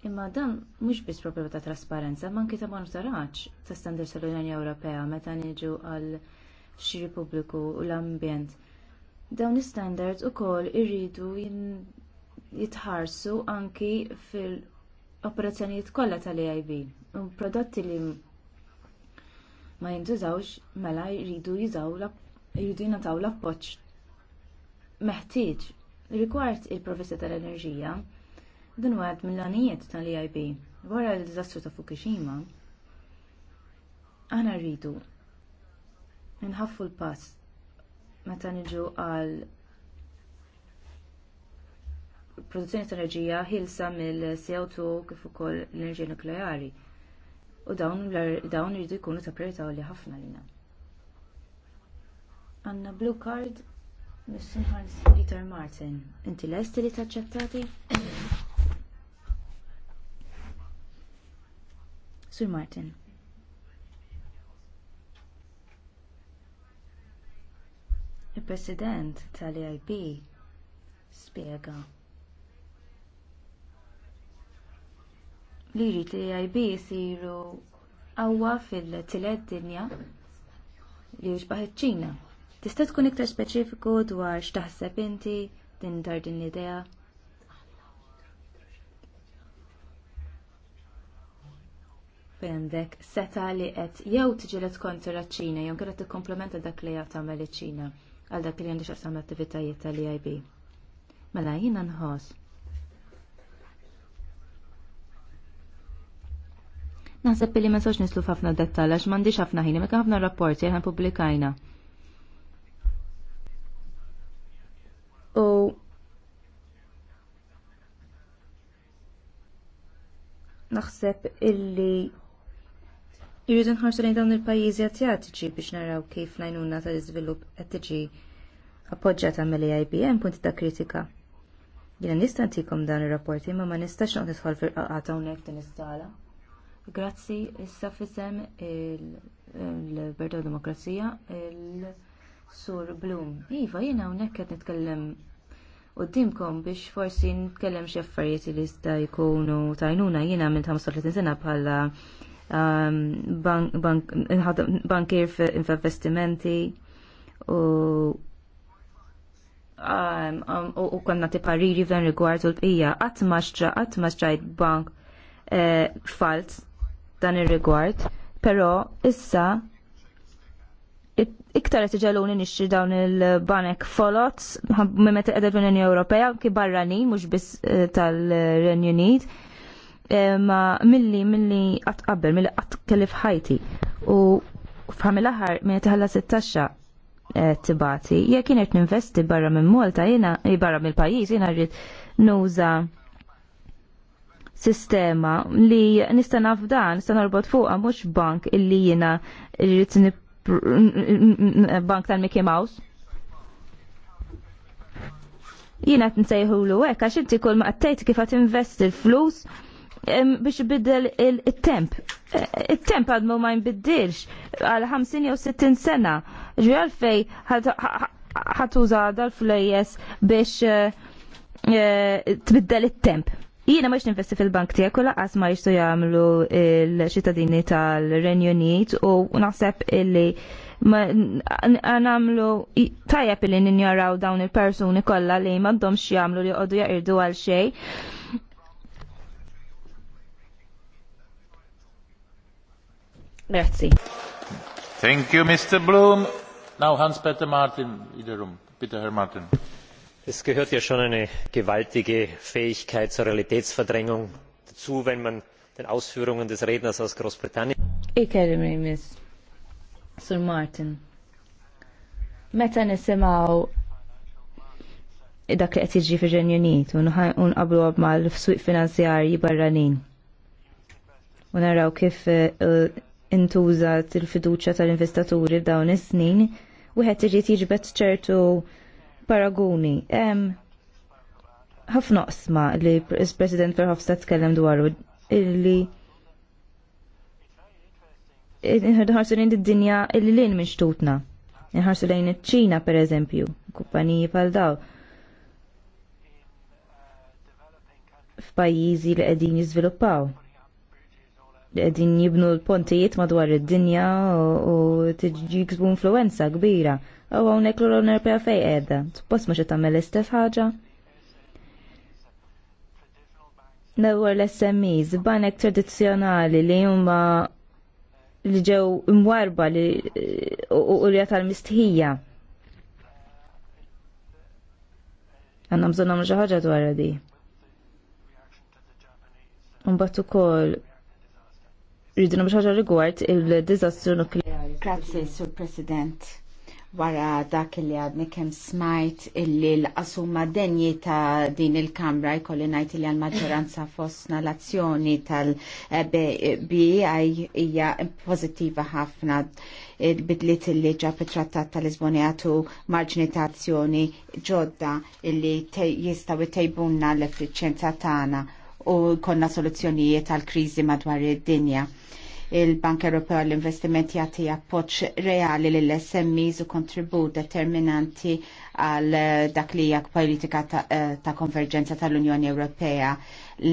Imma dan mhux biss problema ta' trasparenza, ma anke ta' monitoraġġ ta' standards tal-Unjoni Ewropea meta niġu għal xiri pubbliku u l-ambjent. Dawn is-standards ukoll irridu jitħarsu anki fil-operazzjonijiet kollha tal-AIB. U prodotti li ma jintużawx mela jridu la jridu jinataw l-appoġġ meħtieġ rigward il professja tal-enerġija. Din għad mill-għanijiet tal-EIB, wara l-dizastru ta' Fukushima, aħna rridu nħaffu l-pass meta niġu għal produzzjoni ta' enerġija ħilsa mill-CO2 kif ukoll l-enerġija nukleari. U dawn rridu jkunu ta' priorità li ħafna lina. Għanna blue card mis Hans Peter Martin. Inti lest li taċċettati? Sir Martin. Il-President tal-EIB spiega li jrid li EIB jisiru qawwa fil-tilet dinja li jixbaħ iċ-Ċina. Tista' tkun iktar speċifiku dwar x'taħseb inti din dar din l-idea? fejn għandek seta li qed jew tiġilet kontra ċ-Ċina jew kienet tikkomplementa dak li jagħtu għamel iċ-Ċina għal dak li għandix qasam l-attivitajiet tal ib Mela jiena nħoss. Naħseb li ma sawx nislu ħafna dettal għax m'għandix ħafna ħin, mekk ħafna rapporti ħan pubblikajna. U naħseb illi Irridu nħarsu lejn dawn il-pajjiżi azjatiċi biex naraw kif l-għajnuna tal-iżvilupp qed tiġi appoġġjata mill IBM, punti ta' kritika. Jiena nista' ntikom dan ir-rapporti ma ma nistax noqgħod nidħol fil-qaqata hawnhekk din is-sala. Grazzi issa fisem il-Berta Demokrazija il-Sur Blum. Iva, jiena hawnhekk qed nitkellem Uddimkom biex forsi nitkellem xi affarijiet li jista' jkunu tajnuna jiena minn 35 sena bħala Um, bankier f'investimenti um, um, u u konna ti pariri f'dan rigward u l-bqija qatt ma bank eh, falt dan ir-rigward, però issa iktar qed iġaluni nixtri dawn il-banek folots mhmm, meta qegħda fl-Unjoni Ewropea kif barranin mhux biss eh, tal-Renju Unit Eh, ma milli milli qatt milli qatt f'ħajti u f'ħamil aħar aħħar minn tħallas eh, tibati jekk kienet qed ninvesti barra minn Malta jina, eh, barra mill-pajjiż jiena rrid nuża sistema li nista' naf dan nista' norbot fuqha mhux bank illi jiena rrid bank tal-Mickey Mouse jina qed nsejħulu hekk għax inti kol ma għattajt kif qed investi l-flus biex biddel il-temp. Il-temp għadmu ma jimbiddilx għal 50 jew 60 sena. Ġvijal fej ħatuża dal-flejjes biex tbiddel il-temp. Jiena maċ ninvesti fil-bank tijak u laqas ma jistu jgħamlu il ċittadini tal-Renju Unit u naħseb illi għanamlu tajab illi ninjaraw dawn il-personi kolla li maddomx jamlu li għoddu jaqirdu għal xej Grazzi. Thank you, Mr. Bloom. Now Hans-Peter Martin, wiederum. Bitte, Herr Martin. Es gehört ja schon eine gewaltige Fähigkeit zur Realitätsverdrängung dazu, wenn man den Ausführungen des Redners aus Großbritannien. Ich kenne mich, Miss. Sir Martin. Meta nisimaw dak li qed jiġri fir-Renju Unit u nqablu mal-suq finanzjarji barranin. U naraw kif eh, intużat il-fiduċa tal-investaturi dawn is-snin, wieħed irid jiġbed ċertu paraguni. ħafna qsma li l president Verhofstadt tkellem dwaru illi ħarsu lejn id-dinja illi lejn minn xtutna. Nħarsu lejn iċ-Ċina per eżempju, kumpaniji bħal daw. F'pajjiżi li qegħdin jiżviluppaw din jibnu l-pontijiet madwar id-dinja u tiġi jiksbu influenza kbira. U għonek l-Unjoni Ewropea fej edha. Suppost ma tagħmel l-istess ħaġa? Nawar l-SMEs, banek tradizzjonali li huma li ġew imwarba li u li għatal mistħija. Għanna mżonna mġaħġa dwar Un batu kol Ridinu bħaxa rigward il-diżastru nukleari. Grazzi, Sur President. Wara dak li għadni kemm smajt illi l assumma denji ta' din il-Kamra jkolli ngħid li għal-maġġoranza fosna l-azzjoni tal-BI hija pożittiva ħafna il-bidliet illi ġa fit-trattat tal izbonijatu marġni ta' azzjoni ġodda illi jistaw jtejbunna l-effiċjenza tagħna u konna soluzzjonijiet għal kriżi madwar id-dinja. Il-Bank Ewropew għall investimenti jagħti appoġġ reali lill smis u kontribut determinanti għal dak li hija politika ta', eh, ta konverġenza tal-Unjoni Ewropea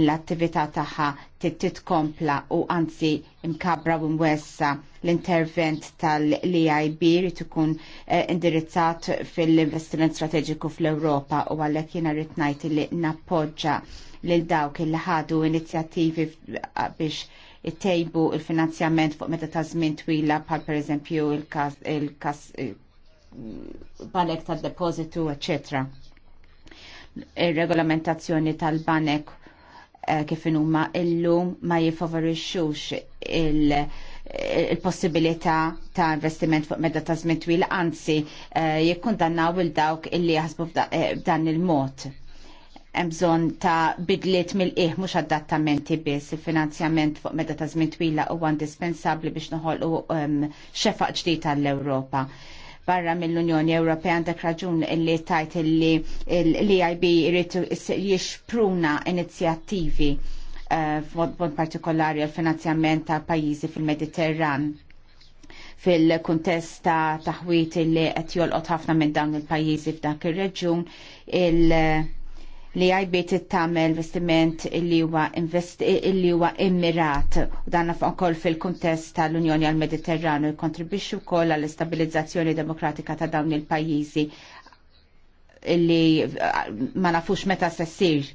l-attività tagħha titkompla u anzi imkabra u mwessa l-intervent tal-EIB rrit ikun eh, indirizzat fil-investiment strateġiku fl-Ewropa u għalhekk jiena rrid ngħid li nappoġġa lil dawk il ħadu inizjattivi biex ittejbu il-finanzjament fuq meta ta' żmien twila bħal pereżempju il-kas il-banek tad-depożitu, eccetera il-regolamentazzjoni tal-banek eh, kif huma illum ma jifavorixxux il-possibilità ta' investiment fuq medda ta' żmien twil, anzi eh, jikkundannaw il dawk illi jasbu eh, dan il-mod bżonn ta' bidliet mill qih mhux adattamenti biss il-finanzjament fuq meta ta' żmien twila huwa indispensabbli biex noħolqu ehm, xefaq ġdid għall-Ewropa barra mill-Unjoni Ewropea għandek raġun li tajt li l-EIB jrid jixpruna inizjattivi eh, f'mod partikolari għall finanzjament ta' pajjiżi fil-Mediterran fil-kuntest ta' taħwit li qed jolqot ħafna minn dawn il-pajjiżi f'dak ir-reġjun il-, il li għajbiet it-tamel investiment illi huwa li huwa immirat u danna ukoll fil-kuntest tal-Unjoni għall mediterranu jkontribwixxu wkoll għall istabilizzazzjoni demokratika ta' dawn il-pajjiżi li eh, ma nafux meta se ssir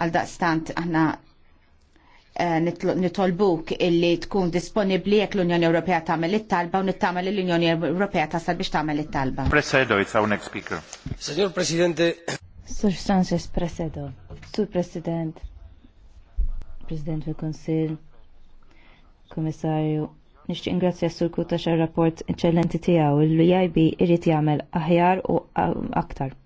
għal daqstant aħna eh, nitolbuk illi tkun disponibli jekk l-Unjoni Ewropea tagħmel it-talba u nittamel l-Unjoni Ewropea tasal biex tagħmel it-talba. Presedo, it's our next speaker. Signor Presidente. Sur Sanchez Presedo, Sur President, President fil konsil Komissarju, nixtieq ingrazzja Sur Kuta xa rapport eċċellenti tiegħu li jajbi irrid jagħmel aħjar u aktar.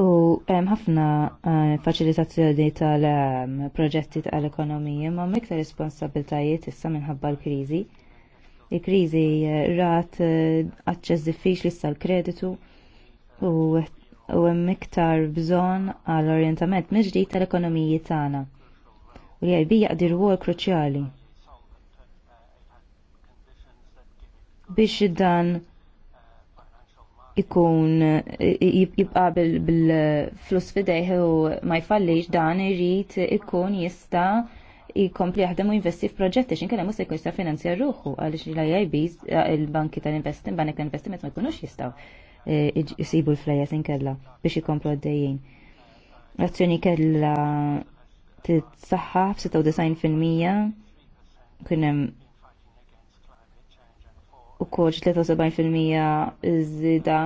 U hemm ħafna eh, faċilitazzjoni tal-proġetti ehm, tal-ekonomija ma' miktar responsabiltajiet issa minħabba l-kriżi. Il-kriżi eh, rat eh, aċċess diffiċli sal-kreditu, u hemm iktar bżonn għal orjentament miġdid tal-ekonomiji tagħna. U li jaqdi rwol kruċjali. Biex dan ikun jibqa bil-flus fidejh u ma jfallix dan irid ikun jista jikompli jaħdem u investi f'proġetti mhux se jkun jista' finanzja ruħu għaliex l-IIB il-banki tal-investiment, tal-investiment ma jkunux jistgħu jisibu eh, l-flejjes inkella biex jikomplu għaddejjin. L-azzjoni kella titsaħħa f-96% kunem u koċ 73% zida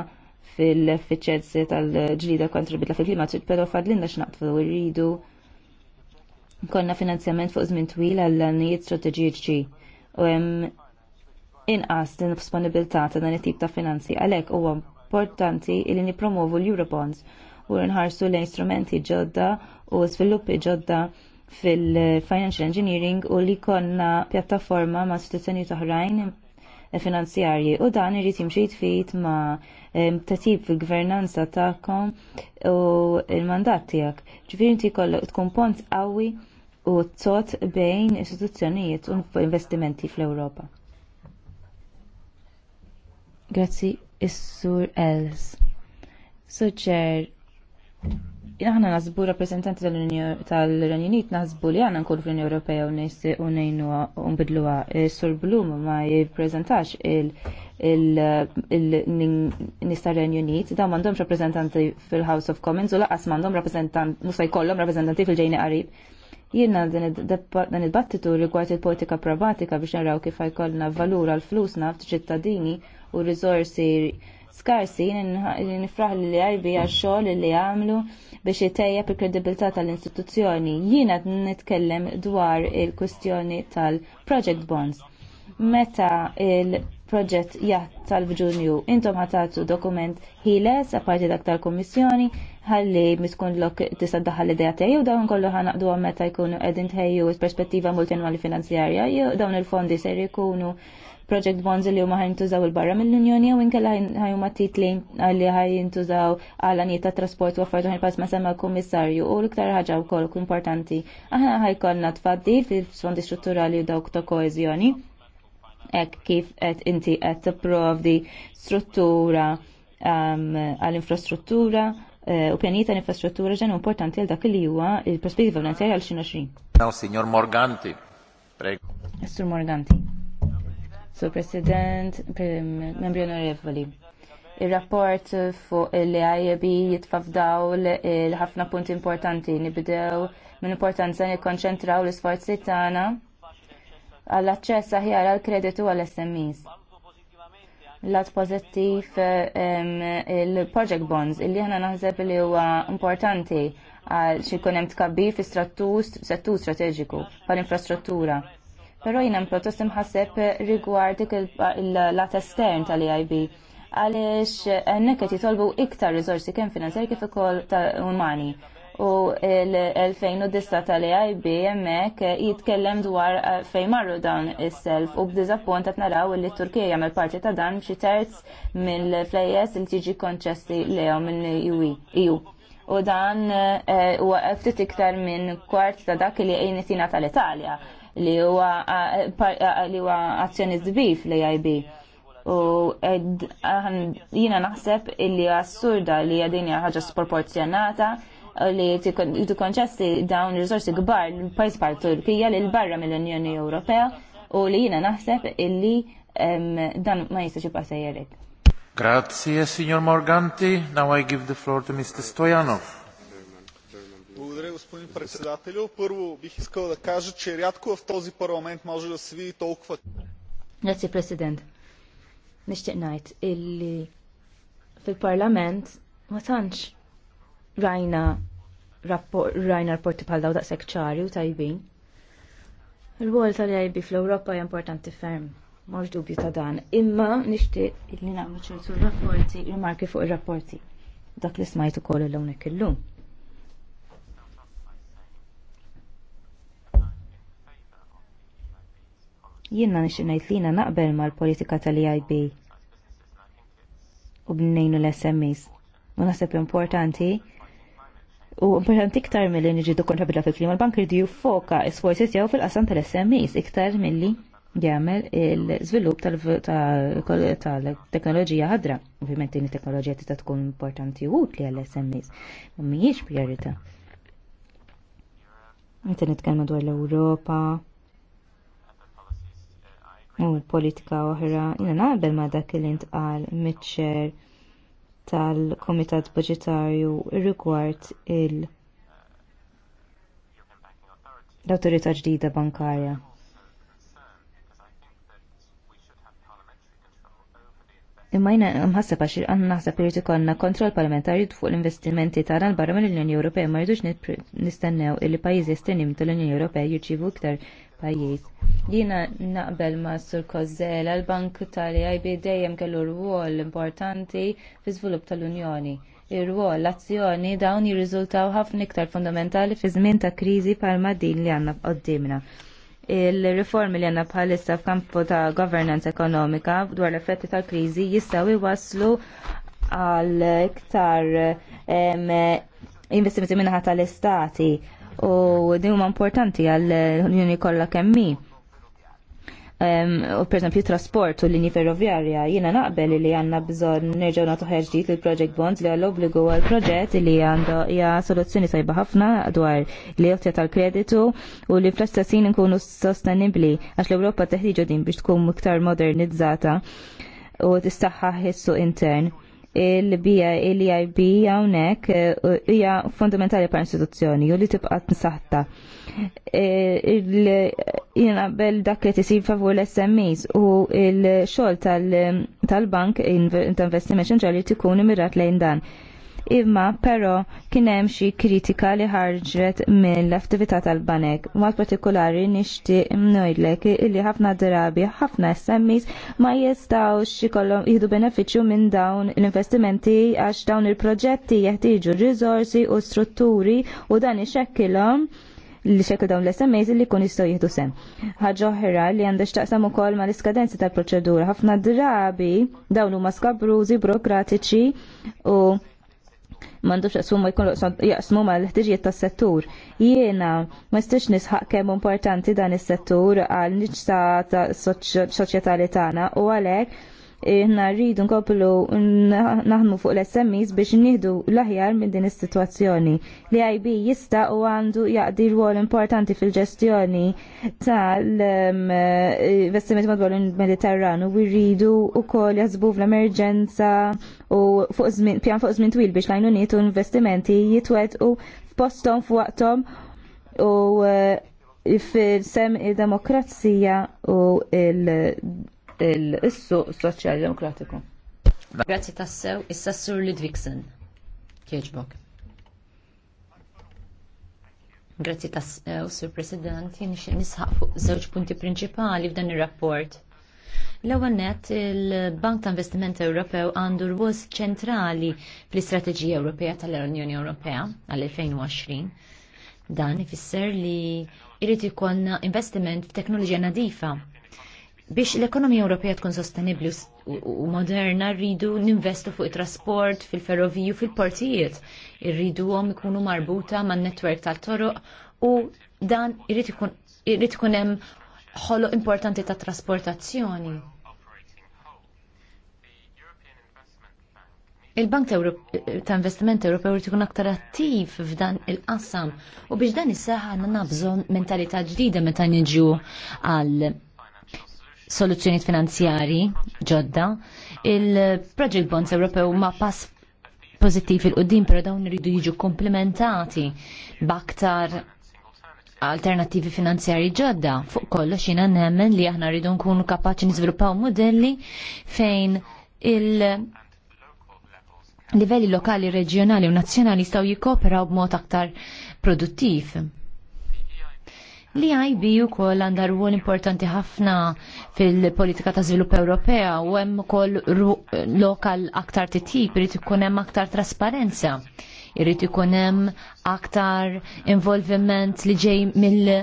fil-effiċenzi tal-ġlida kontra bidla fil-klima, pero fadlinna u rridu konna finanzjament fuq żmien twil għall għannijiet strategiċi u hemm inqas din disponibilità ta' dan it-tip ta' finanzi għalhekk huwa importanti li nipromovu l-Eurobonds u nħarsu l instrumenti ġodda u sviluppi ġodda fil-financial engineering u li konna pjattaforma ma' istituzzjoni oħrajn eh, finanzjarji u dan irrid jimxi jitfit ma eh, tatib fil-gvernanza tagħkom u l-mandat tiegħek. Ġifieri inti kollok tkun pont qawwi u tot bejn istituzzjonijiet u investimenti fl-Ewropa. Grazzi is-sur Els. Suċer, aħna nasbu rappresentanti tal-Iran Unit nasbu li għanna nkun fl-Unjoni Ewropea u nejnu unbidluwa sur Blum ma jiprezentax il-Nistarren Unit da mandom rappresentanti fil-House of Commons u laqas mandom rappresentanti musa jkollom rappresentanti fil-ġejni qarib. Jiena dan id-battitu rigward il-politika pragmatika biex naraw kif ħajkollna valur l flusna f'ċittadini ċittadini u rizorsi skarsi nifraħ li għarbi għaxxol li għamlu biex jitejja per kredibilità tal-istituzzjoni. Jiena nitkellem dwar il kustjoni tal-project bonds. Meta il-proġett jaħt tal bġunju intom ħatatu dokument ħiles apparti dak tal-Kommissjoni, ħalli miskun lok tista' daħal l-idea tiegħi u dawn kollu ħanaqdu meta jkunu qegħdin tħejju perspettiva multinwali finanzjarja, jew dawn il-fondi ser jkunu project bonds li huma ħajntużaw il-barra mill-Unjoni u inkella ħajhuma titli li ħajntużaw għal anijiet ta' trasport u offertu ħil pasma ma' semma kummissarju u l-iktar ħaġa wkoll importanti. Aħna ħajkollna tfaddi fil-fondi strutturali u dawk ta' koezjoni. Ek kif et inti qed provdi struttura għal infrastruttura eh, u pjanijiet tal-infrastruttura ġenu importanti għal dak li huwa il-prospettiva finanzjarja għal 2020. Signor Morganti, prego. Mr. Morganti. Sur President, membri onorevoli. Il-rapport fuq l-IAB jitfafdaw l-ħafna punti importanti. Nibdew minn importanza nikkonċentraw l-isforzi tagħna għall-aċċess aħjar għall-kreditu għall-SMEs. Lat pozittiv il-project bonds illi ħana naħseb li huwa importanti għal xi jkun hemm tkabbir fi settur strateġiku bħal infrastruttura Pero jina mprotost imħasseb rigward dik il-lat estern tal-EIB għaliex hemmhekk qed jitolbu iktar rizorsi kemm finanzjar kif ukoll umani. U l-2009 tal-EIB hemmhekk jitkellem dwar eh, fejn marru dan is-self u b'diżappunt qed naraw li Turkija jgħamil parti ta' dan xi terz mill-flejjes li tiġi konċessi lejhom mill-EU u dan eh, huwa ftit iktar minn kwart ta' dak li għajnitina tal-Italja li huwa li huwa azzjoni żbif li IB. U jiena naħseb illi assurda li għadin ħaġa sproporzjonata li tikkonċessi dawn risorsi kbar l-pajis bħal Turkija li l-barra mill-Unjoni Ewropea u li jiena naħseb illi dan ma jistax jibqa' sejjerek. Grazie, signor Morganti. Now I give the floor to Mr. Stojanov. Благодаря, господин председателю. Първо бих искал да кажа, че рядко в този парламент може да се види толкова... Grazie, President. Nishtiq najt illi fil-parlament ma tantx rajna rajna rapporti pal daw daqshekk ċari tajbin. Il-wol tal-IB fl-Ewropa hija importanti ferm, mhux dubju ta' dan. Imma nixtieq illi nagħmlu ċertu rapporti, rimarki fuq ir-rapporti. Dak li smajt ukoll il-hawnhekk illum. Jiena nixinajt li jina naqbel mal-politika tal-EIB u b'nejnu l-SMEs. U naħseb importanti U importanti iktar mill-li nġidu bidla fil-klima, l-bank irdi jiffoka s-forsi tijaw fil-qasam tal-SMEs iktar mill-li jagħmel il-żvilupp tal-teknoloġija ħadra. Ovvjament din it-teknoloġija tista' tkun importanti u utli għall-SMEs, ma mhijiex priorità. Meta nitkellmu dwar l-Ewropa, u politika oħra, jina naqbel ma dak li intqal mitxer tal-Komitat Budgetarju rigward il- l-autorità ġdida bankarja. Imma jina mħasab għaxir għanna naħseb irrid konna kontroll parlamentarju fuq l-investimenti ta' l barra mill-Unjoni Ewropea ma rridux nistennew li pajjiżi esternim tal-Unjoni Ewropea jirċievu iktar pajjiż. Jiena naqbel ma' Sur Kozzela l-Bank tal-IB dejjem kellu rwol importanti fi żvilupp tal-Unjoni. Ir-rwol, l-azzjoni dawn jirriżultaw ħafna iktar fundamentali fi żmien ta' kriżi bħalma din li għandna qoddimna il riformi li għanna bħalissa f'kampu ta' governance ekonomika dwar l-effetti tal-krizi jistaw jwasslu għal iktar investimenti minnaħat tal-istati u din huma importanti għall-Unjoni kollha kemm hi. Um, u per esempio trasport u l linji ferroviarja jina naqbel li għanna bżon nerġaw natu ħerġdit l project bonds li għall obbligu għal proġett li għandu hija soluzzjoni sajba ħafna dwar li jottja tal-kreditu u li fl-istessin nkunu sostenibli għax l-Ewropa teħdiġu din biex tkun miktar modernizzata u tistaħħaħ is-suq intern il-bija il-IB hawnhekk eh, hija fundamentali pa' istituzzjoni u li tibqa' tinsaħħa. Eh, Jiena bel dak li tisir favur l-SMEs u l-xogħol tal-bank ta' investiment ċentrali tikun imirat lejn dan imma però kien hemm xi kritika li ħarġet mill-attività tal-banek. Mal partikolari nixtieq ngħidlek li ħafna drabi ħafna SMEs ma jistgħux ikollhom jieħdu benefiċċju minn dawn l-investimenti għax dawn il-proġetti jeħtieġu riżorsi u strutturi u dan ixekkilhom li xekil dawn l smes li kun jistaw jihdu sem. ħagġoħra li għandax xtaqsam u kol ma l-iskadenzi tal-proċedura. ħafna drabi dawn huma skabrużi, burokratiċi u m'għandux jaqsmu ma jkunu jaqsmu ma l-ħtiġijiet tas-settur. Jiena ma nistax nisħaq kemm importanti dan is-settur għal niġsa ta' soċjetali tagħna u għalhekk Aħna rridu nkopplu naħdmu fuq l-SMEs biex nieħdu l-aħjar minn din is-sitwazzjoni. Li IB jista' u għandu jaqdi rwol importanti fil-ġestjoni tal-investiment eh, madwar il mediterranu u rridu wkoll jaħsbu fl-emerġenza u fuq pjan fuq żmien twil biex l-għajnuniet u investimenti u f'posthom f'waqthom u eh, fil-sem il-demokrazija u il- taħt il-suq soċjali demokratiku. Grazzi tassew, issa Sur Lidwiksen. Kieġbok. Grazzi tassew, Sur President, xe nisħaq fuq żewġ punti prinċipali f'dan ir-rapport. L-ewwel nett il-Bank ta' Investiment Ewropew għandu rwol ċentrali fl-Istrateġija Ewropea tal-Unjoni Ewropea għal-2020. Dan ifisser li jrid ikollna investiment f'teknoloġija nadifa biex l-ekonomija Ewropea tkun sostenibli u moderna rridu ninvestu fuq it-trasport, fil-ferroviju, fil-portijiet. Irridu għom ikunu marbuta man netwerk tal-toroq u dan irrid ikun hemm ħolo importanti ta' trasportazzjoni. Il-Bank ta' Investiment Ewropew irid ikun aktar attiv f'dan il-qassam u biex dan is-saħħa għandna bżonn mentalità ġdida meta niġu għal soluzzjoniet finanzjari ġodda, il-Project Bonds Ewropew ma pass pozittiv il-qoddim, pero dawn iridu jiġu komplementati baktar alternativi finanzjari ġodda. Fuq kollox jiena nemmen li aħna rridu nkunu kapaċi niżviluppaw modelli fejn il- livelli lokali, reġjonali u nazzjonali staw jikoperaw b'mod aktar produttiv. Li e IB u koll għanda rwol importanti ħafna fil-politika ta' zvilup Ewropea u hemm ukoll lokal aktar titjib, irid ikun hemm aktar trasparenza, irid ikun hemm aktar involviment li ġej mill-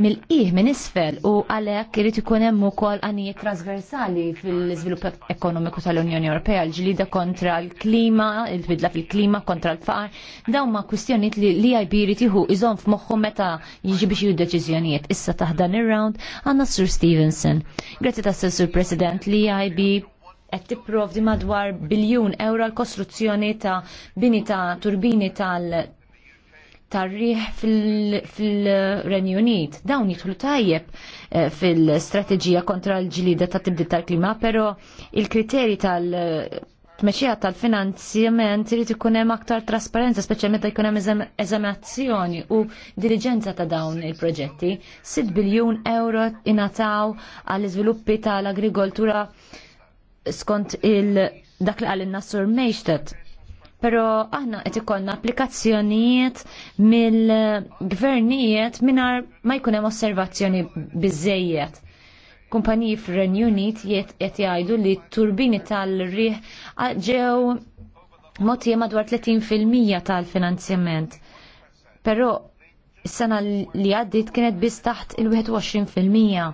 mill-qih minn isfel u għalhekk irid ikun hemm ukoll għanijiet trasversali fil-iżvilupp ekonomiku tal-Unjoni Ewropea, l-ġlida kontra l-klima, il-bidla fil-klima kontra l-faqar, dawn ma kwistjonijiet li li ib irid iħu iżomm f'moħħu meta jiġi biex jieħu deċiżjonijiet. Issa dan ir-round għandna Sur Stevenson. Grazzi tas Sur President li IB qed tipprovdi madwar biljun euro l-kostruzzjoni ta' bini ta' turbini tal- tarriħ fil-Renju Unit. Dawn jidħlu tajjeb eh, fil-strateġija kontra l ġilida ta' tibdil tal-klima, però il-kriterji tal- tmexxija tal-finanzjament irid ikun hemm aktar trasparenza, speċjalment jkun hemm eżaminazzjoni u diligenza ta' dawn il-proġetti. 6 biljun euro ingħataw għall-iżviluppi tal-agrikoltura skont il dak li għal in Mejxtet pero aħna qed ikollna applikazzjonijiet mill-gvernijiet mingħajr ma jkun hemm osservazzjoni biżejjed. Kumpaniji fir-Renju Unit qed jgħidu li t-turbini tal-riħ ġew jiema madwar 30% tal-finanzjament. Però s-sena li għaddit kienet biss taħt il-21%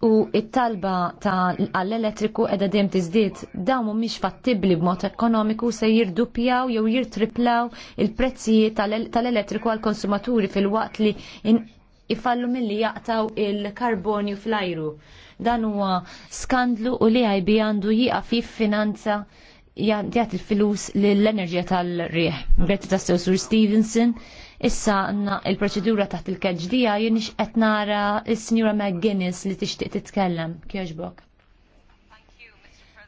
u it-talba ta' għall-elettriku edha dem tiżdied dawn mhumiex fattibbli b'mod ekonomiku se jirdupjaw jew jirtriplaw il-prezzijiet tal-elettriku għall-konsumaturi fil-waqt li ifallu milli jaqtaw il-karbonju fl-ajru. Dan huwa skandlu u li għajbi għandu jiqa fi finanza jgħat il-filus l-enerġija tal-rieħ. Grazzi ta' Sur Stevenson, Issa il-proċedura taħt il-kedġdija jenix qed nara il-Sinjura McGuinness li tixtieq titkellem. Kjoġbok.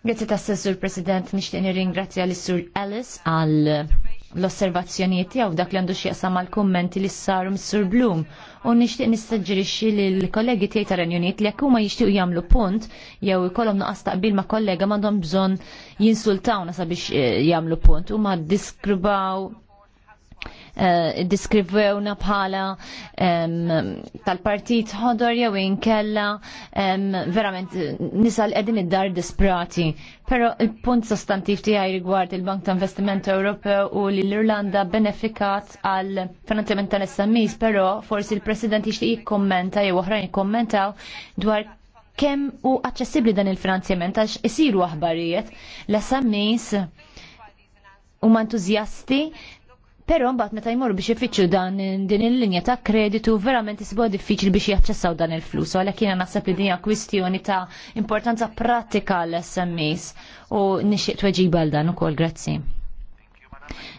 Grazie s sur President, nixtieq nirringrazzja l-Sur Ellis għal l-osservazzjonijiet tiegħu dak li għandu x'jaqsam mal-kummenti li saru mis-Sur Bloom u nixtieq li lill kollegi tiegħi ta' Renjuniet li jekk huma jixtiequ jagħmlu punt jew ikollhom nuqqas taqbil ma' kollega m'għandhom bżonn jinsultawna sabiex eh, jagħmlu punt ma' diskribaw Eh, diskrivewna bħala tal-partit ħodor jew inkella verament nisal qegħdin id-dar disprati. Però il-punt sostantiv tiegħi rigward il-Bank ta' Investiment Ewropew u li l-Irlanda benefikat għal finanzjament tal-SMEs, però forsi il-President jixtieq jikkommenta jew oħrajn jikkommentaw dwar kemm u aċċessibbli dan il-finanzjament għax isiru aħbarijiet l-SMEs huma entużjasti Però mbagħad meta jmorru biex ifittxu dan din il-linja ta' kreditu verament isbu diffiċli biex jaċċessaw dan il-flus. Għalhekk jiena naħseb li dinja kwistjoni ta' importanza pratika l sms u nixtieq tweġiba għal dan ukoll grazzi.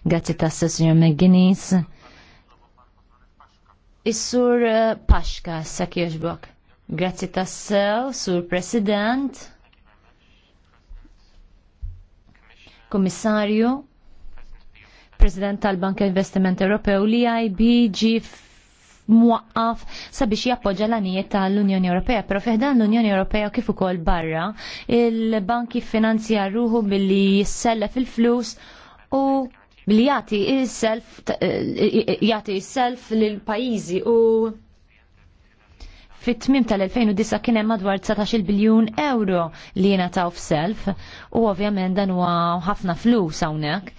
Grazzi ta' Sr. McGuinness. Is-sur eh, Paxka jogħġbok. Grazzi tassew, sur President. Komissarju, President tal-Bank Investiment Ewropew li IB ġi sabiex jappoġġa l-għanijiet tal-Unjoni Ewropea, pero fiħdan l-Unjoni Ewropea kif ukoll barra, il-banki finanzja ruħu billi jissellef il-flus u billi jati il-self eh, jati il-self lil-pajizi u fit-tmim tal-2009 kien hemm madwar 19 biljun euro li jingħataw f'self u ovvjament dan huwa ħafna flus hawnhekk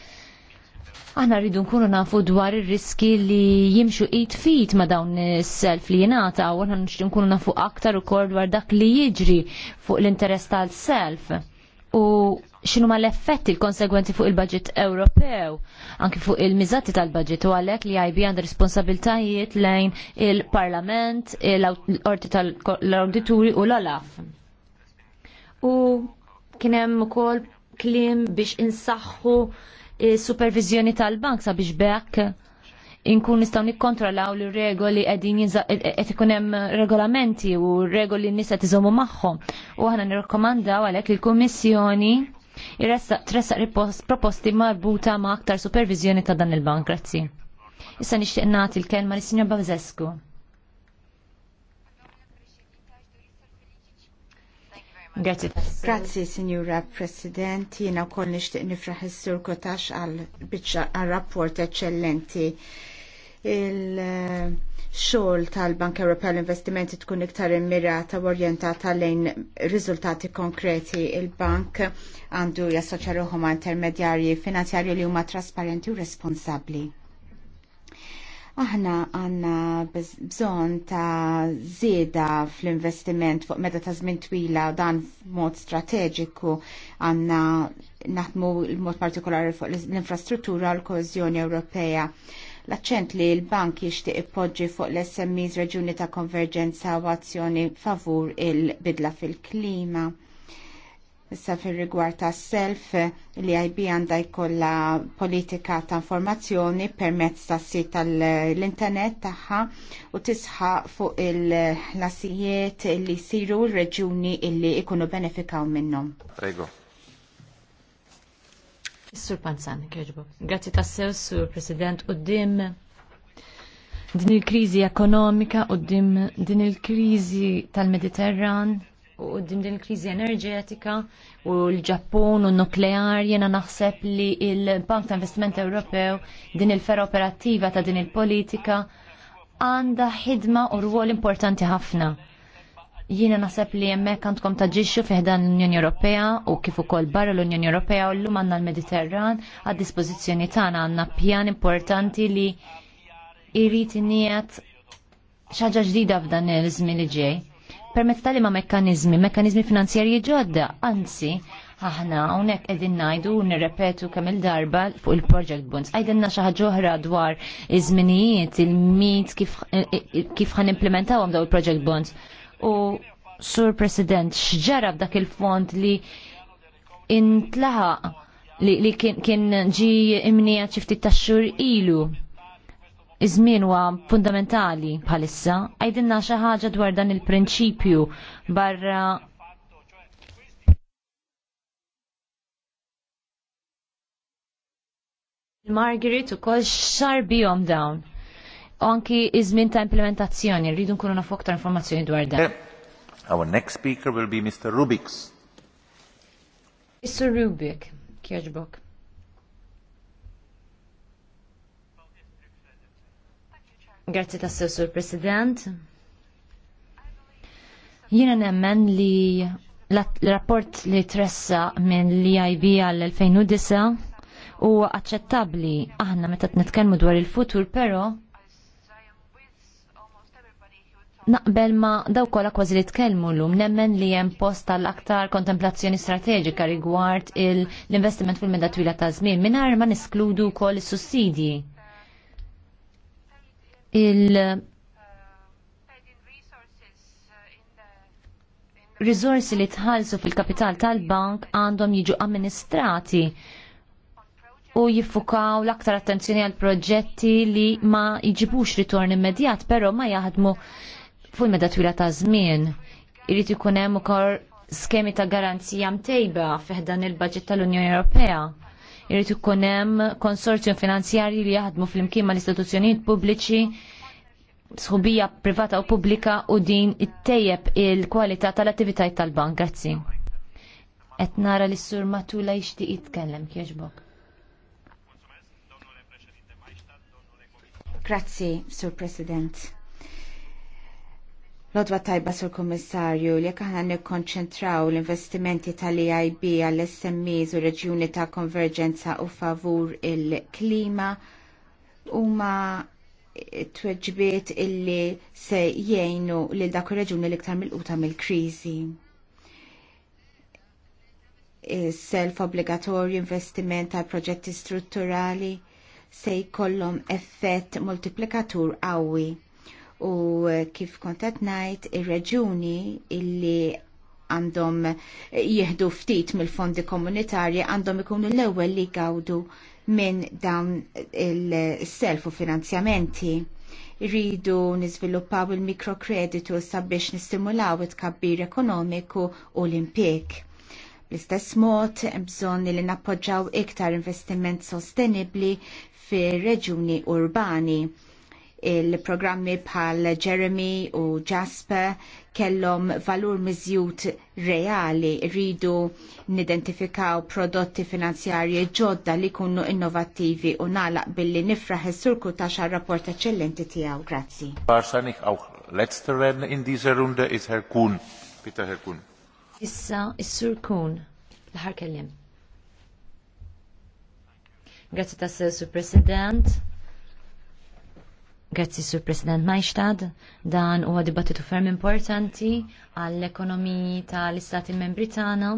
Aħna rridu nkunu nafu dwar ir-riski li jimxu id fit ma dawn is-self li jingħata u aħna nixtieq nkunu nafu aktar ukoll dwar dak li jiġri fuq l-interess tal-self. U xinu ma l-effetti l-konsegwenzi fuq il-budget Ewropew, anki fuq il-mizzati tal-budget u għalek li IB għand responsabiltajiet lejn il-parlament, l-orti tal-auditori u l-olaf. U kienem u kol klim biex insaxħu supervizjoni tal-bank sabiex bekk inkun nistaw nikkontrollaw li regoli qegħdin e- e- qed ikun hemm regolamenti u regoli n-nies qed iżommu magħhom. U aħna nirrakkomandaw għalhekk il l-Kummissjoni tressaq proposti marbuta ma' aktar supervizjoni ta' dan il-bank. Grazzi. Issa nixtieq nagħti l-kelma lis-Sinjor Bawzesku. Grazie. Grazie, Signora President. Jena u koll nishtiq nifraħ il-Sur Kotax għal-rapport eccellenti. Il-xol tal-Bank Europea l-Investimenti tkun iktar immirata u orjentata lejn riżultati konkreti. Il-bank għandu jassoċaruħu ma' intermedjarji finanzjarji li huma trasparenti u responsabli Aħna għanna bżon ta' zieda fl-investiment fuq meta ta' żmien twila dan mod strateġiku għanna naħdmu l-mod partikolari fuq l-infrastruttura l-kozjoni Ewropea l-accent li l-bank jixtieq ippoġġi fuq l-SMEs reġuni ta' konverġenza u azzjoni favur il-bidla fil-klima. Issa fil rigward ta' self li IB għandha jkollha politika ta' informazzjoni permezz ta' sit tal-internet tagħha u tisħaq fuq il-ħlasijiet li jsiru l-reġuni illi ikunu benefikaw minnhom. Prego. Sur Panzan, kħeġbu. Grazzi ta' sew, Sur President, u dim din il-krizi ekonomika u dim din il-krizi tal-Mediterran u din din krizi kriżi enerġetika u l-Ġappun u n-nuklear jena naħseb li il-Bank ta' Investiment Ewropew din il-ferra operattiva ta' din il-politika għanda ħidma u rwol importanti ħafna. Jiena naħseb li jemmek għandkom taġġixxu fiħdan l-Unjoni Ewropea u kif ukoll barra l-Unjoni Ewropea u llum għandna l-Mediterran għad dispożizzjoni tagħna għandna pjan importanti li irrid iniet xaġa ġdida f'dan il-żmien li ġej permezz tal ma mekkanizmi, mekkanizmi finanzjarji ġodda, anzi, aħna hawnhekk qegħdin ngħidu u nirrepetu kemm il-darba fuq il-project bonds. Għajdilna xi ħaġa oħra dwar iż-żminijiet il-mit kif kif ħanimplementawhom daw il-project bonds. U Sur President, x'ġara f'dak il-fond li intlaħaq li, kien ġi imnija ċifti tax ilu iż-żmien huwa fundamentali bħalissa, għajdinna xi ħaġa dwar dan il-prinċipju barra Margaret u kol bihom dawn. Anki izmin ta' implementazzjoni, rridu nkunu nafu aktar informazzjoni dwar dan. Eh, our next speaker will be Mr. Rubik's. Mr. Rubik, kieġbok. Grazzi tassew sur President. Jiena nemmen li l-rapport li tressa minn li ib għal 2009 u aċċettabli aħna meta nitkellmu dwar il-futur, pero, Naqbel ma daw kolla kważi li tkellmu lum, nemmen li hemm post tal-aktar kontemplazzjoni strateġika rigward l-investiment fil medatwila twila ta' żmien mingħajr ma niskludu wkoll is-sussidji il- Rizorsi li tħallsu fil-kapital tal-bank għandhom jiġu amministrati u jiffukaw l-aktar attenzjoni għal proġetti li ma jġibux ritorn immedjat, pero ma jaħdmu fuq meda twila ta' żmien. Irid ikun hemm ukoll skemi ta' garanzija mtejba dan il-budget tal-Unjoni Ewropea irrid ikun hemm konsorzjum finanzjarji li jaħdmu fl-imkien mal-istituzzjonijiet pubbliċi sħubija privata u pubblika u din it-tejjeb il-kwalità tal-attivitajiet tal-bank. Grazzi. Et nara li s-sur Matula jixtieq jitkellem kieġbok. Grazzi, Sur President. Lodwa tajba sur kommissarju li jekk aħna nikkonċentraw l-investimenti tal-EIB għall-SMEs u reġjuni ta' konverġenza u favur il-klima huma tweġbiet illi se jgħinu lil dak ir reġjuni l-iktar mill-quta mill-kriżi. Self obbligatorju investiment tal proġetti strutturali se jkollhom effett multiplikatur qawwi u eh, kif kontet najt ir-reġuni illi għandhom eh, jihdu ftit mill-fondi komunitarji għandhom ikunu l-ewwel li gawdu minn dawn il-selfu finanzjamenti rridu niżviluppaw il-mikrokreditu sabiex nistimulaw it-kabbir ekonomiku u l-impjeg. Bl-istess mod, bżonn li nappoġġaw iktar investiment sostenibbli fir reġuni urbani Il-programmi bħal Jeremy u Jasper kellhom valur miżjut reali rridu nidentifikaw prodotti finanzjarji ġodda li kunnu innovativi u nalaq billi nifraħ is-surku ta' xar rapport eċċellenti tiegħu. Grazzi. Barsanik aw letzter Redner in diese Runde is Herr Kuhn. Peter Herr Kuhn. Issa is-Sur Kuhn l-ħar kellim. Grazzi tas Sur President. Grazzi Sur President Majstad, dan huwa dibattitu ferm importanti għall-ekonomiji tal-Istati Membri tagħna.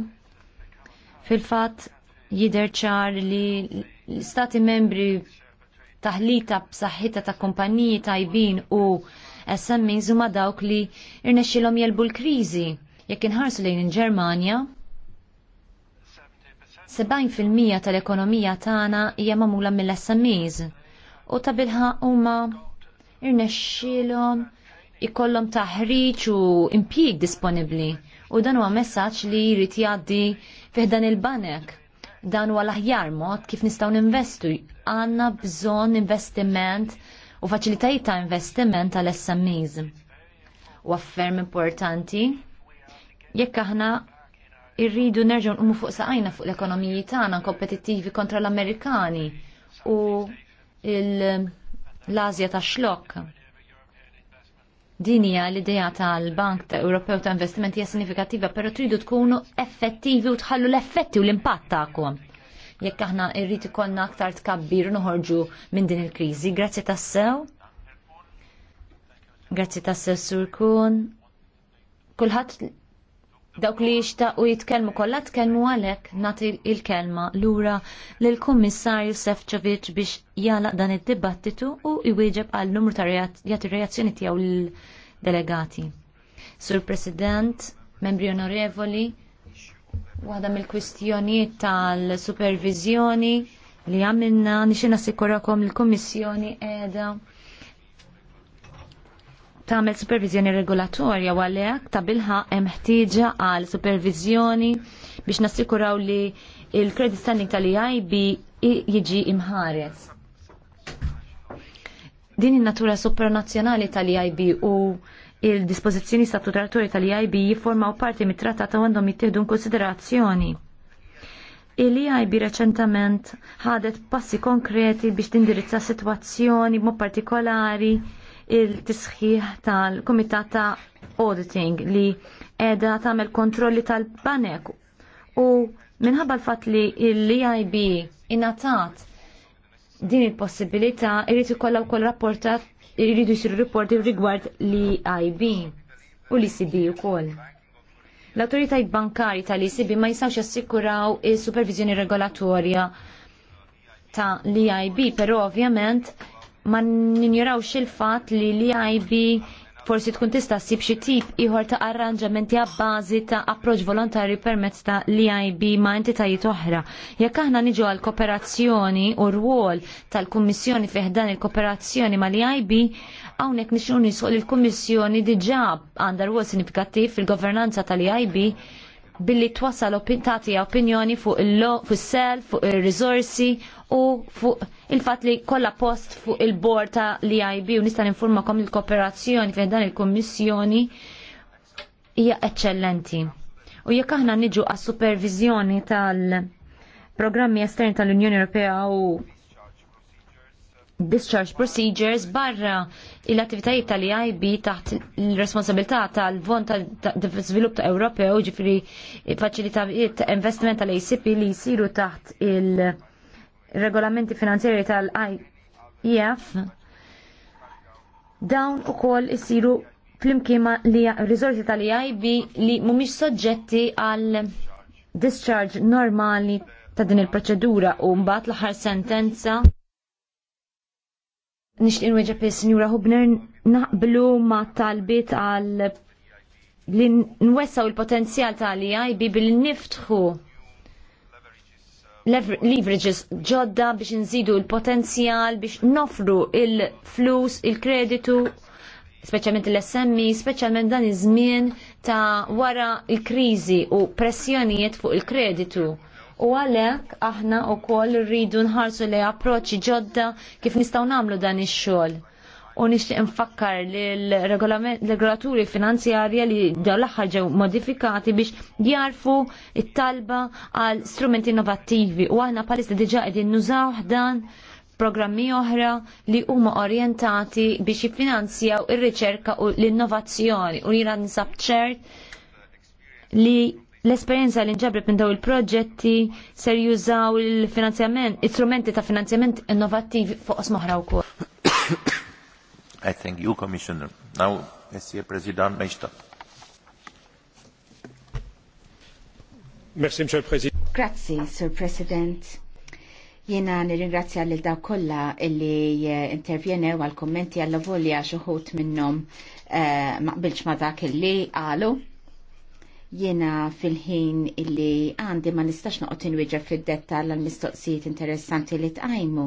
Fil-fatt jidher ċar li l-Istati Membri taħlita b'saħħita ta' kumpaniji tajbin u SMEs huma dawk li irnexxilhom jelbu l-kriżi jekk inħarsu lejn in ġermanja 70% tal-ekonomija tagħna hija magħmula mill-SMEs u ta' bilħa huma Irnexxilhom ikollhom taħriġ u impjieg disponibbli u dan huwa messaġġ li jrid jgħaddi fih dan il-banek. Dan huwa l-aħjar mod kif nistgħu ninvestu. Għandna bżonn investiment u faċilitajiet ta' investiment tal smes U affermi importanti jekk aħna irridu nerġgħu nqumu fuq saqajna fuq l-ekonomiji tagħna kompetittivi kontra l-Amerikani u il- l-Azja ta' xlok. Din hija l-idea tal-Bank ta Ewropew ta' Investimenti hija sinifikattiva, però tridu tkunu effettivi u tħallu l-effetti u l-impatt tagħkom. Jekk aħna rrid ikollna aktar tkabbir noħorġu minn din il-kriżi. Grazzi tassew. Grazzi tassew Sur Kun. Kulħadd dawk li jishtaq u jitkellmu kollha tkellmu għalhekk nagħti il-kelma lura lill kummissarju Sefcovic biex jalaq dan id-dibattitu u jwieġeb għal numru ta' jagħti reazzjoni tiegħu l-delegati. Sur President, membri onorevoli, waħda mill-kwistjonijiet tal-supervizjoni li għamilna nixin assikurakom l-Kummissjoni qiegħda tagħmel supervizjoni regolatorja u għalhekk ta' bilħa hemm ħtieġa għal supervizjoni biex nassikuraw li il-credit standing tal-EIB jiġi imħares. Din in-natura supranazzjonali tal-EIB u il-dispożizzjoni statutatorji tal-EIB jiformaw parti mit-trattat għandhom jittieħdu konsiderazzjoni. Il-EIB reċentament ħadet passi konkreti biex tindirizza situazzjoni b'mod partikolari il-tisħiħ tal-Kumitat ta' Auditing li edha tagħmel kontrolli tal-banek u minħabba l-fatt li l-EIB inatat din il-possibilità jrid ikollha wkoll rapportat irridu jsiru riporti rigward l-EIB u l-ECB wkoll. L-autoritajt bankari tal icb ma jistgħux jassikuraw is superviżjoni regolatorja ta' l-EIB, però ovvjament ma ninjurawx il-fat li li IB forsi tkun tista' ssib xi tip ieħor ta' arranġamenti għabbażi ta' approċ volontarju permezz ta' li ib ma' entitajiet oħra. Jekk aħna niġu għal kooperazzjoni u rwol tal-Kummissjoni fih dan il-kooperazzjoni ma' Li ib hawnhekk nixnu li l kummissjoni diġà għandha rwol sinifikattiv fil-governanza tal-IB billi twassal tagħti opinjoni fuq il-law, fuq self, fuq il-rizorsi u fuq il-fat li kollha post fuq il-bord ta' li IB u nista' ninformakom il-kooperazzjoni fejn dan il-kummissjoni hija eċċellenti. U jekk aħna niġu għas-supervizjoni tal- programmi estern tal-Unjoni Ewropea u discharge procedures barra l-attivitajiet tal-IB taħt l-responsabilità tal-von tal-Svilupp ta' Ewropew ġifri faċilitajiet investiment tal-ACP li jisiru taħt il-regolamenti finanzjari tal if e dawn u kol jisiru fl li rizorti tal-IB li mumiex soġġetti għal discharge normali ta' din il-proċedura u mbagħad l-aħħar sentenza Nixtieq inweġġeb is-Sinjura Hubner naqblu ma talbiet għal li nwessaw il-potenzjal tal-IB billi niftħu leverages ġodda biex nżidu il-potenzjal biex nofru il-flus, il-kreditu, speċjalment l-SMI, e, speċjalment dan iż-żmien ta' wara il-kriżi u pressjonijiet fuq il-kreditu U għalhekk aħna wkoll rridu nħarsu li approċċi ġodda kif nistgħu nagħmlu dan ix-xogħol. U nixtieq nfakkar li l-regolaturi finanzjarja li dawn l-aħħar ġew modifikati biex jarfu it-talba għal strumenti innovattivi u aħna palissa diġà qegħdin nużaw dan programmi oħra li huma orjentati biex jiffinanzjaw ir-riċerka u l-innovazzjoni u jiena nisab ċert li l-esperienza li nġabret minn daw il-proġetti ser jużaw il-finanzjament, istrumenti ta' finanzjament innovativi fuq osmoħra u kol. <coughs> I thank you, Commissioner. Now, Mr. President Meċta. Merci, Mr. President. Grazie, Sir President. Jena nirringrazzja lil daw kollha illi eh, intervjenew għal kommenti għall xi xuħut minnhom eh, maqbilx ma ma dak illi qalu Jiena fil-ħin illi għandi ma nistax noqgħod inwiġa fid-dettall għal mistoqsijiet interessanti li tqajmu.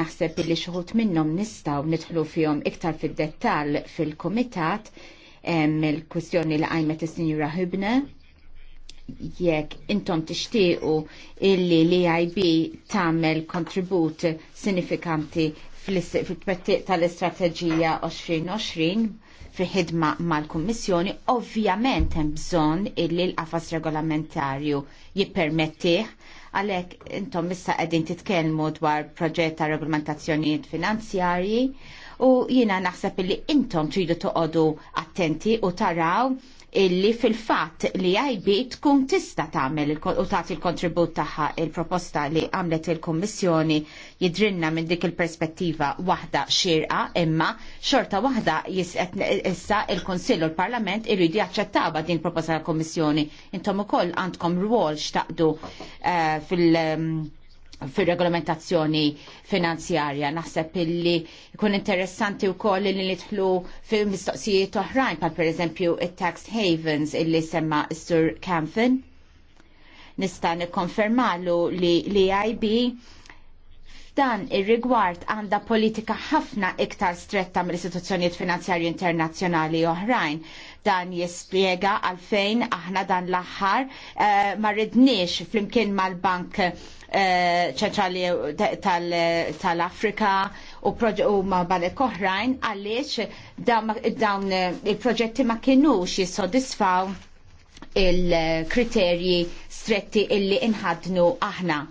Naħseb illi xuħut minnhom nistgħu nidħlu fihom iktar fid-dettall fil-kumitat il-kwistjoni li qajmet is-Sinjura Hübne jekk intom tixtiequ illi li IB tagħmel kontribut sinifikanti fil-twettiq tal-istrateġija 2020 fi ħidma mal-Kummissjoni, ovvjament hemm bżonn illi l-qafas regolamentarju jippermettih għalhekk intom issa qegħdin titkellmu dwar proġett ta' regolamentazzjonijiet finanzjarji u jiena naħseb illi intom tridu toqogħdu attenti u taraw illi fil-fatt li IB tkun tista tagħmel u tagħti l-kontribut tagħha il-proposta li għamlet il-Kummissjoni jidrinna minn dik il-perspettiva waħda xirqa imma xorta waħda jisqet issa il kunsill u l-Parlament irridu jaċċettawa din proposta tal-Kummissjoni. Intom ukoll għandkom rwol xtaqdu uh, fil- um, fir regolamentazzjoni finanzjarja. Naħseb illi jkun interessanti u koll li nitħlu fil mistoqsijiet oħrajn, pal per eżempju il-tax havens illi semma Sir Camfin. Nista' nikkonfermalu li l-EIB dan ir-rigward għanda politika ħafna iktar stretta mill istituzzjonijiet finanzjarji internazzjonali oħrajn Dan jispjega għalfejn aħna dan l-aħħar eh, ma rridniex flimkien mal-Bank eh, ċentrali tal-Afrika u, u ma balek oħrajn għaliex dawn eh, il-proġetti ma kienux jissodisfaw il-kriterji stretti illi inħadnu aħna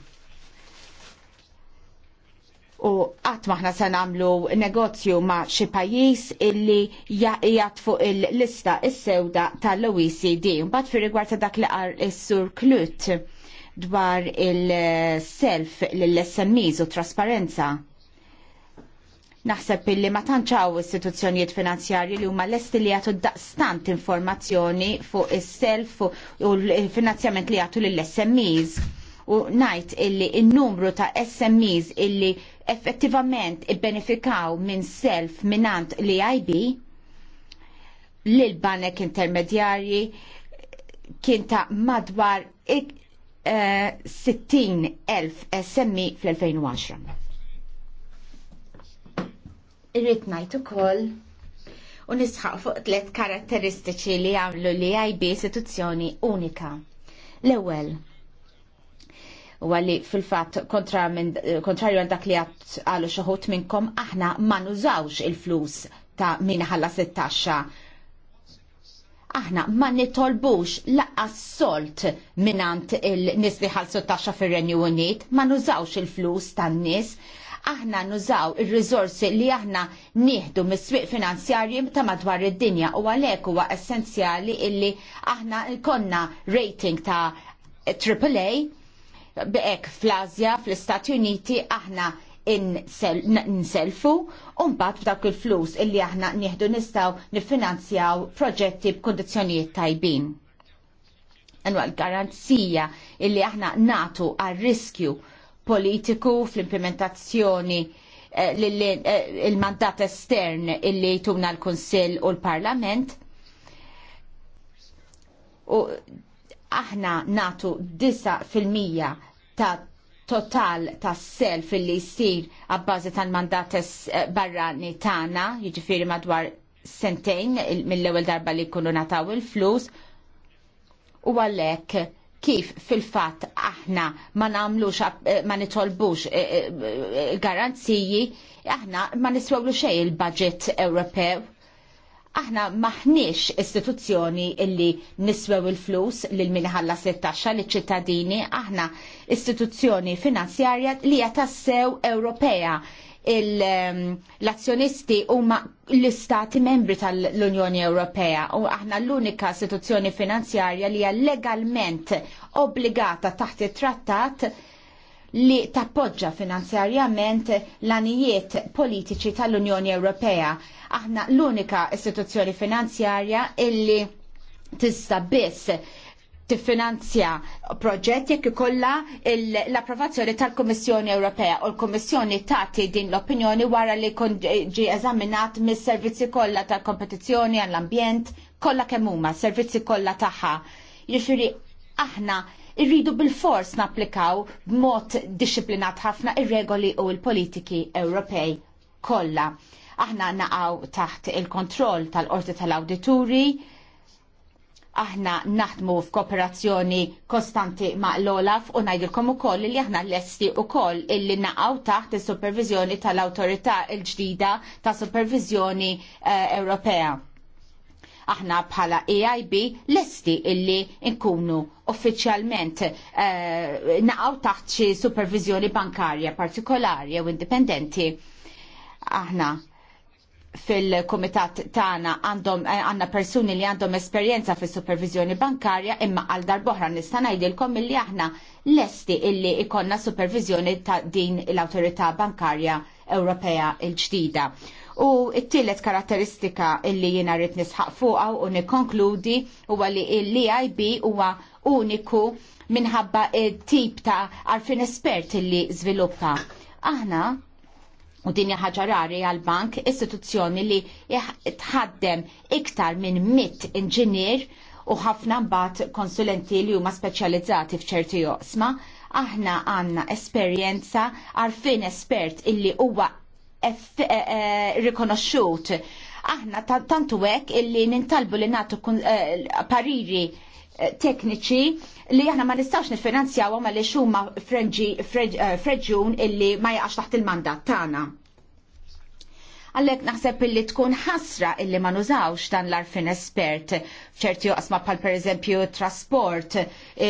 u qatt maħna se nagħmlu negozju ma' xi pajjiż illi jaqgħod fuq il-lista is-sewda tal-OECD. Mbagħad fir-rigward ta' dak li qar is-Sur Klut dwar il-self lill-SMEs u trasparenza. Naħseb illi ma tantxaw istituzzjonijiet finanzjarji li huma lesti li jagħtu daqstant informazzjoni fuq is-self u l-finanzjament li jagħtu lill-SMEs u najt illi il-numru ta' SMEs illi effettivament ibbenefikaw minn self minant li IB lil banek intermedjarji kien ta' madwar 60.000 eh, SMI fl-2010. Irrit ngħid ukoll u nisħaq fuq tliet karatteristiċi li għamlu li IB istituzzjoni unika. L-ewwel, u għalli fil-fat eh, kontrarju għal dak li għallu xoħut minnkom aħna ma nużawx il-flus ta' min ħalla 16 aħna ma nitolbux laqqas solt minant il-nis li ħalsu fir-Renju Unit, ma nużawx il-flus tan-nies, aħna nużaw il-rizorsi li aħna nieħdu mis-swieq finanzjarji ta' madwar id-dinja u għalhekk huwa essenzjali illi aħna konna rating ta' AAA B'ek fl-Azja, fl-Istati Uniti, aħna nselfu, bat b'dak il-flus illi aħna nieħdu nistaw nifinanzjaw proġetti b'kondizjonijiet tajbin. Anwa l-garanzija illi aħna natu għal riskju politiku fl-implementazzjoni eh, eh, il-mandat estern illi tuna l-Konsil u l-Parlament aħna natu 9% ta' total ta' self li jisir għabbażi tal-mandat eh, barrani tagħna, jiġifieri madwar sentejn mill-ewwel darba li jkunu nataw il-flus. U għalhekk kif fil-fatt aħna ma nagħmlux eh, ma nitolbux eh, garanziji, aħna ma niswewlu xejn il-budget Ewropew aħna maħniex istituzzjoni illi niswew il-flus lil minħalla 16 li ċittadini, aħna istituzzjoni finanzjarja li jatassew Ewropea ehm, l-azzjonisti huma l-istati membri tal-Unjoni Ewropea u aħna l-unika istituzzjoni finanzjarja li hija legalment obbligata taħt it-trattat li tappoġġa finanzjarjament l-anijiet politiċi tal-Unjoni Ewropea. Aħna l-unika istituzzjoni finanzjarja illi tista biss tiffinanzja proġett jekk ikollha l-approvazzjoni tal-Kummissjoni Ewropea u l-Kummissjoni tagħti din l-opinjoni wara li jkun ġie eżaminat mis-servizzi kollha tal-kompetizzjoni għall-ambjent kollha kemm huma, servizzi kollha tagħha. Jiġifieri aħna irridu bil-fors napplikaw b'mod disciplinat ħafna ir-regoli u l-politiki Ewropej kollha. Aħna naqaw taħt il-kontroll tal-Qorti tal-Awdituri, aħna naħdmu f'kooperazzjoni kostanti ma' l-Olaf u najdilkom u koll li aħna l-esti u koll illi naqaw taħt il-supervizjoni tal awtorità il-ġdida ta' supervizjoni uh, Ewropea. Aħna bħala EIB l-esti illi nkunu uffiċjalment eh, naqgħu taħt xi supervizjoni bankarja partikolari jew indipendenti. Aħna fil-komitat tagħna għandhom eh, għandna persuni li għandhom esperjenza fis supervizjoni bankarja imma għal darboħra nista' ngħidilkom illi aħna lesti illi ikonna supervizjoni ta' din l-Awtorità Bankarja Ewropea l-ġdida. U t-tielet karatteristika illi jiena rrid nisħaq fuqha u nikkonkludi huwa li l-EIB huwa uniku minħabba il-tip ta' għarfin espert li żviluppa. Aħna u din ħaġa rari għal-bank istituzzjoni li tħaddem iktar minn mit inġinier u ħafna mbagħad konsulenti li huma speċjalizzati f'ċerti joqsma, aħna għandna esperjenza għarfin espert illi huwa e- e- e- rikonoxxut. Aħna tantu hekk illi nintalbu li nagħtu pariri Eh, tekniċi li aħna ma nistax nifinanzjawhom għaliex huma freġun eh, illi ma jaqax taħt il-mandat tagħna. Għallek naħseb illi tkun ħasra illi ma nużawx dan l-arfin espert f'ċerti oqsma pal per eżempju trasport,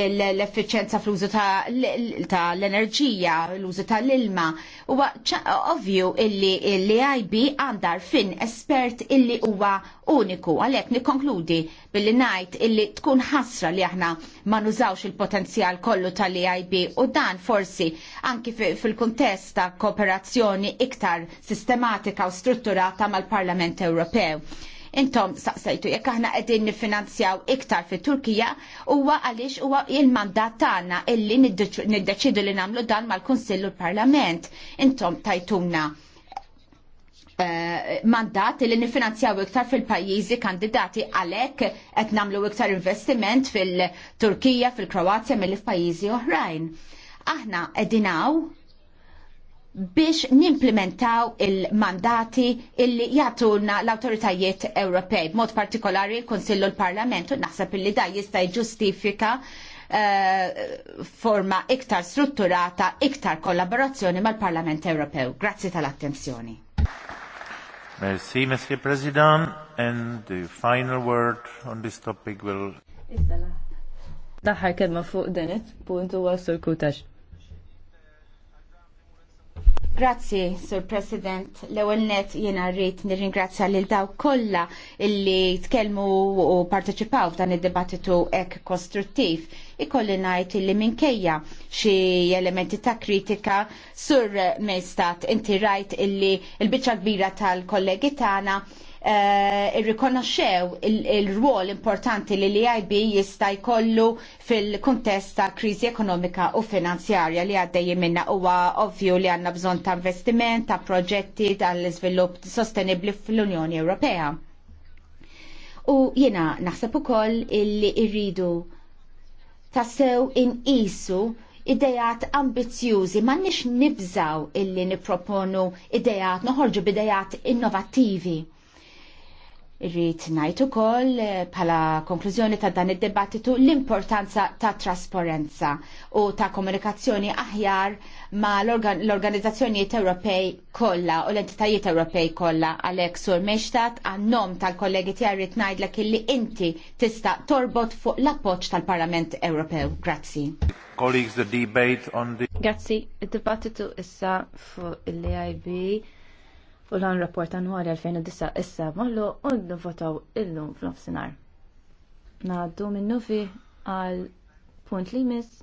l efficienza fl-użu ta' l-enerġija, l-użu ta' l-ilma. U ovvju illi l-IB għandha fin espert illi huwa uniku. Għallek nikonkludi billi najt illi tkun ħasra li aħna ma nużawx il-potenzjal kollu tal-EIB u dan forsi anki fil-kuntest ta' kooperazzjoni iktar sistematika u strutturata mal-Parlament Ewropew. Intom saqsejtu jekk aħna qegħdin niffinanzjaw iktar fit Turkija huwa għaliex huwa il-mandat tagħna illi niddeċidu li nagħmlu dan mal-Kunsill u l-Parlament. Intom tajtuna Eh, mandat li nifinanzjaw iktar fil-pajjiżi kandidati għalhekk qed nagħmlu iktar investiment fil-Turkija, fil-Kroazja mill f'pajjiżi oħrajn. Aħna qegħdinaw biex nimplementaw il-mandati illi jagħtulna l-awtoritajiet Ewropej, b'mod partikolari l-Konsillu l-Parlament, u naħseb illi da jista' jġustifika eh, forma iktar strutturata, iktar kollaborazzjoni mal-Parlament Ewropew. Grazzi tal-attenzjoni. Merci, Monsieur President. And the final word on this topic will... Daħħar kedma fuq denet, puntu għasur kutax. Grazzi, Sur President. L-ewel net jena rrit nirringrazzja lil daw kolla illi tkellmu u parteċipaw f'dan id-dibattitu ek kostruttiv. Ikolli najt illi minkejja xi elementi ta' kritika sur Mestat inti rajt illi il-biċċa kbira tal-kollegi tagħna Eh, irrikonoxxew il-rwol importanti li l-EIB jista' jkollu fil-kuntest ta' kriżi ekonomika u finanzjarja li għaddejjin minna huwa ovvju li għandna bżonn ta' investiment, ta' proġetti tal-iżvilupp sostenibbli fl-Unjoni Ewropea. U jiena naħseb ukoll illi rridu tassew inqisu idejat ambizjużi, ma nix nibżaw illi niproponu idejat, noħorġu bidejat innovativi. Irrid ngħid ukoll eh, bħala konklużjoni ta' dan id debattitu l-importanza ta' trasparenza u ta' komunikazzjoni aħjar ma' l-organizzazzjonijiet Ewropej kollha u l-entitajiet Ewropej kollha alek sur Mextat għannom tal-kollegi tiegħi najt ngħidlek illi inti tista' torbot fuq l-appoġġ tal-Parlament Ewropew. Grazzi. Colleagues, the debate on the... Grazzi, id debattitu issa fuq l-AIB fuq l-għan rapport annwali 2009 issa maħlu u nvotaw illum fl-nofsinar. Naddu minnufi għal punt li limis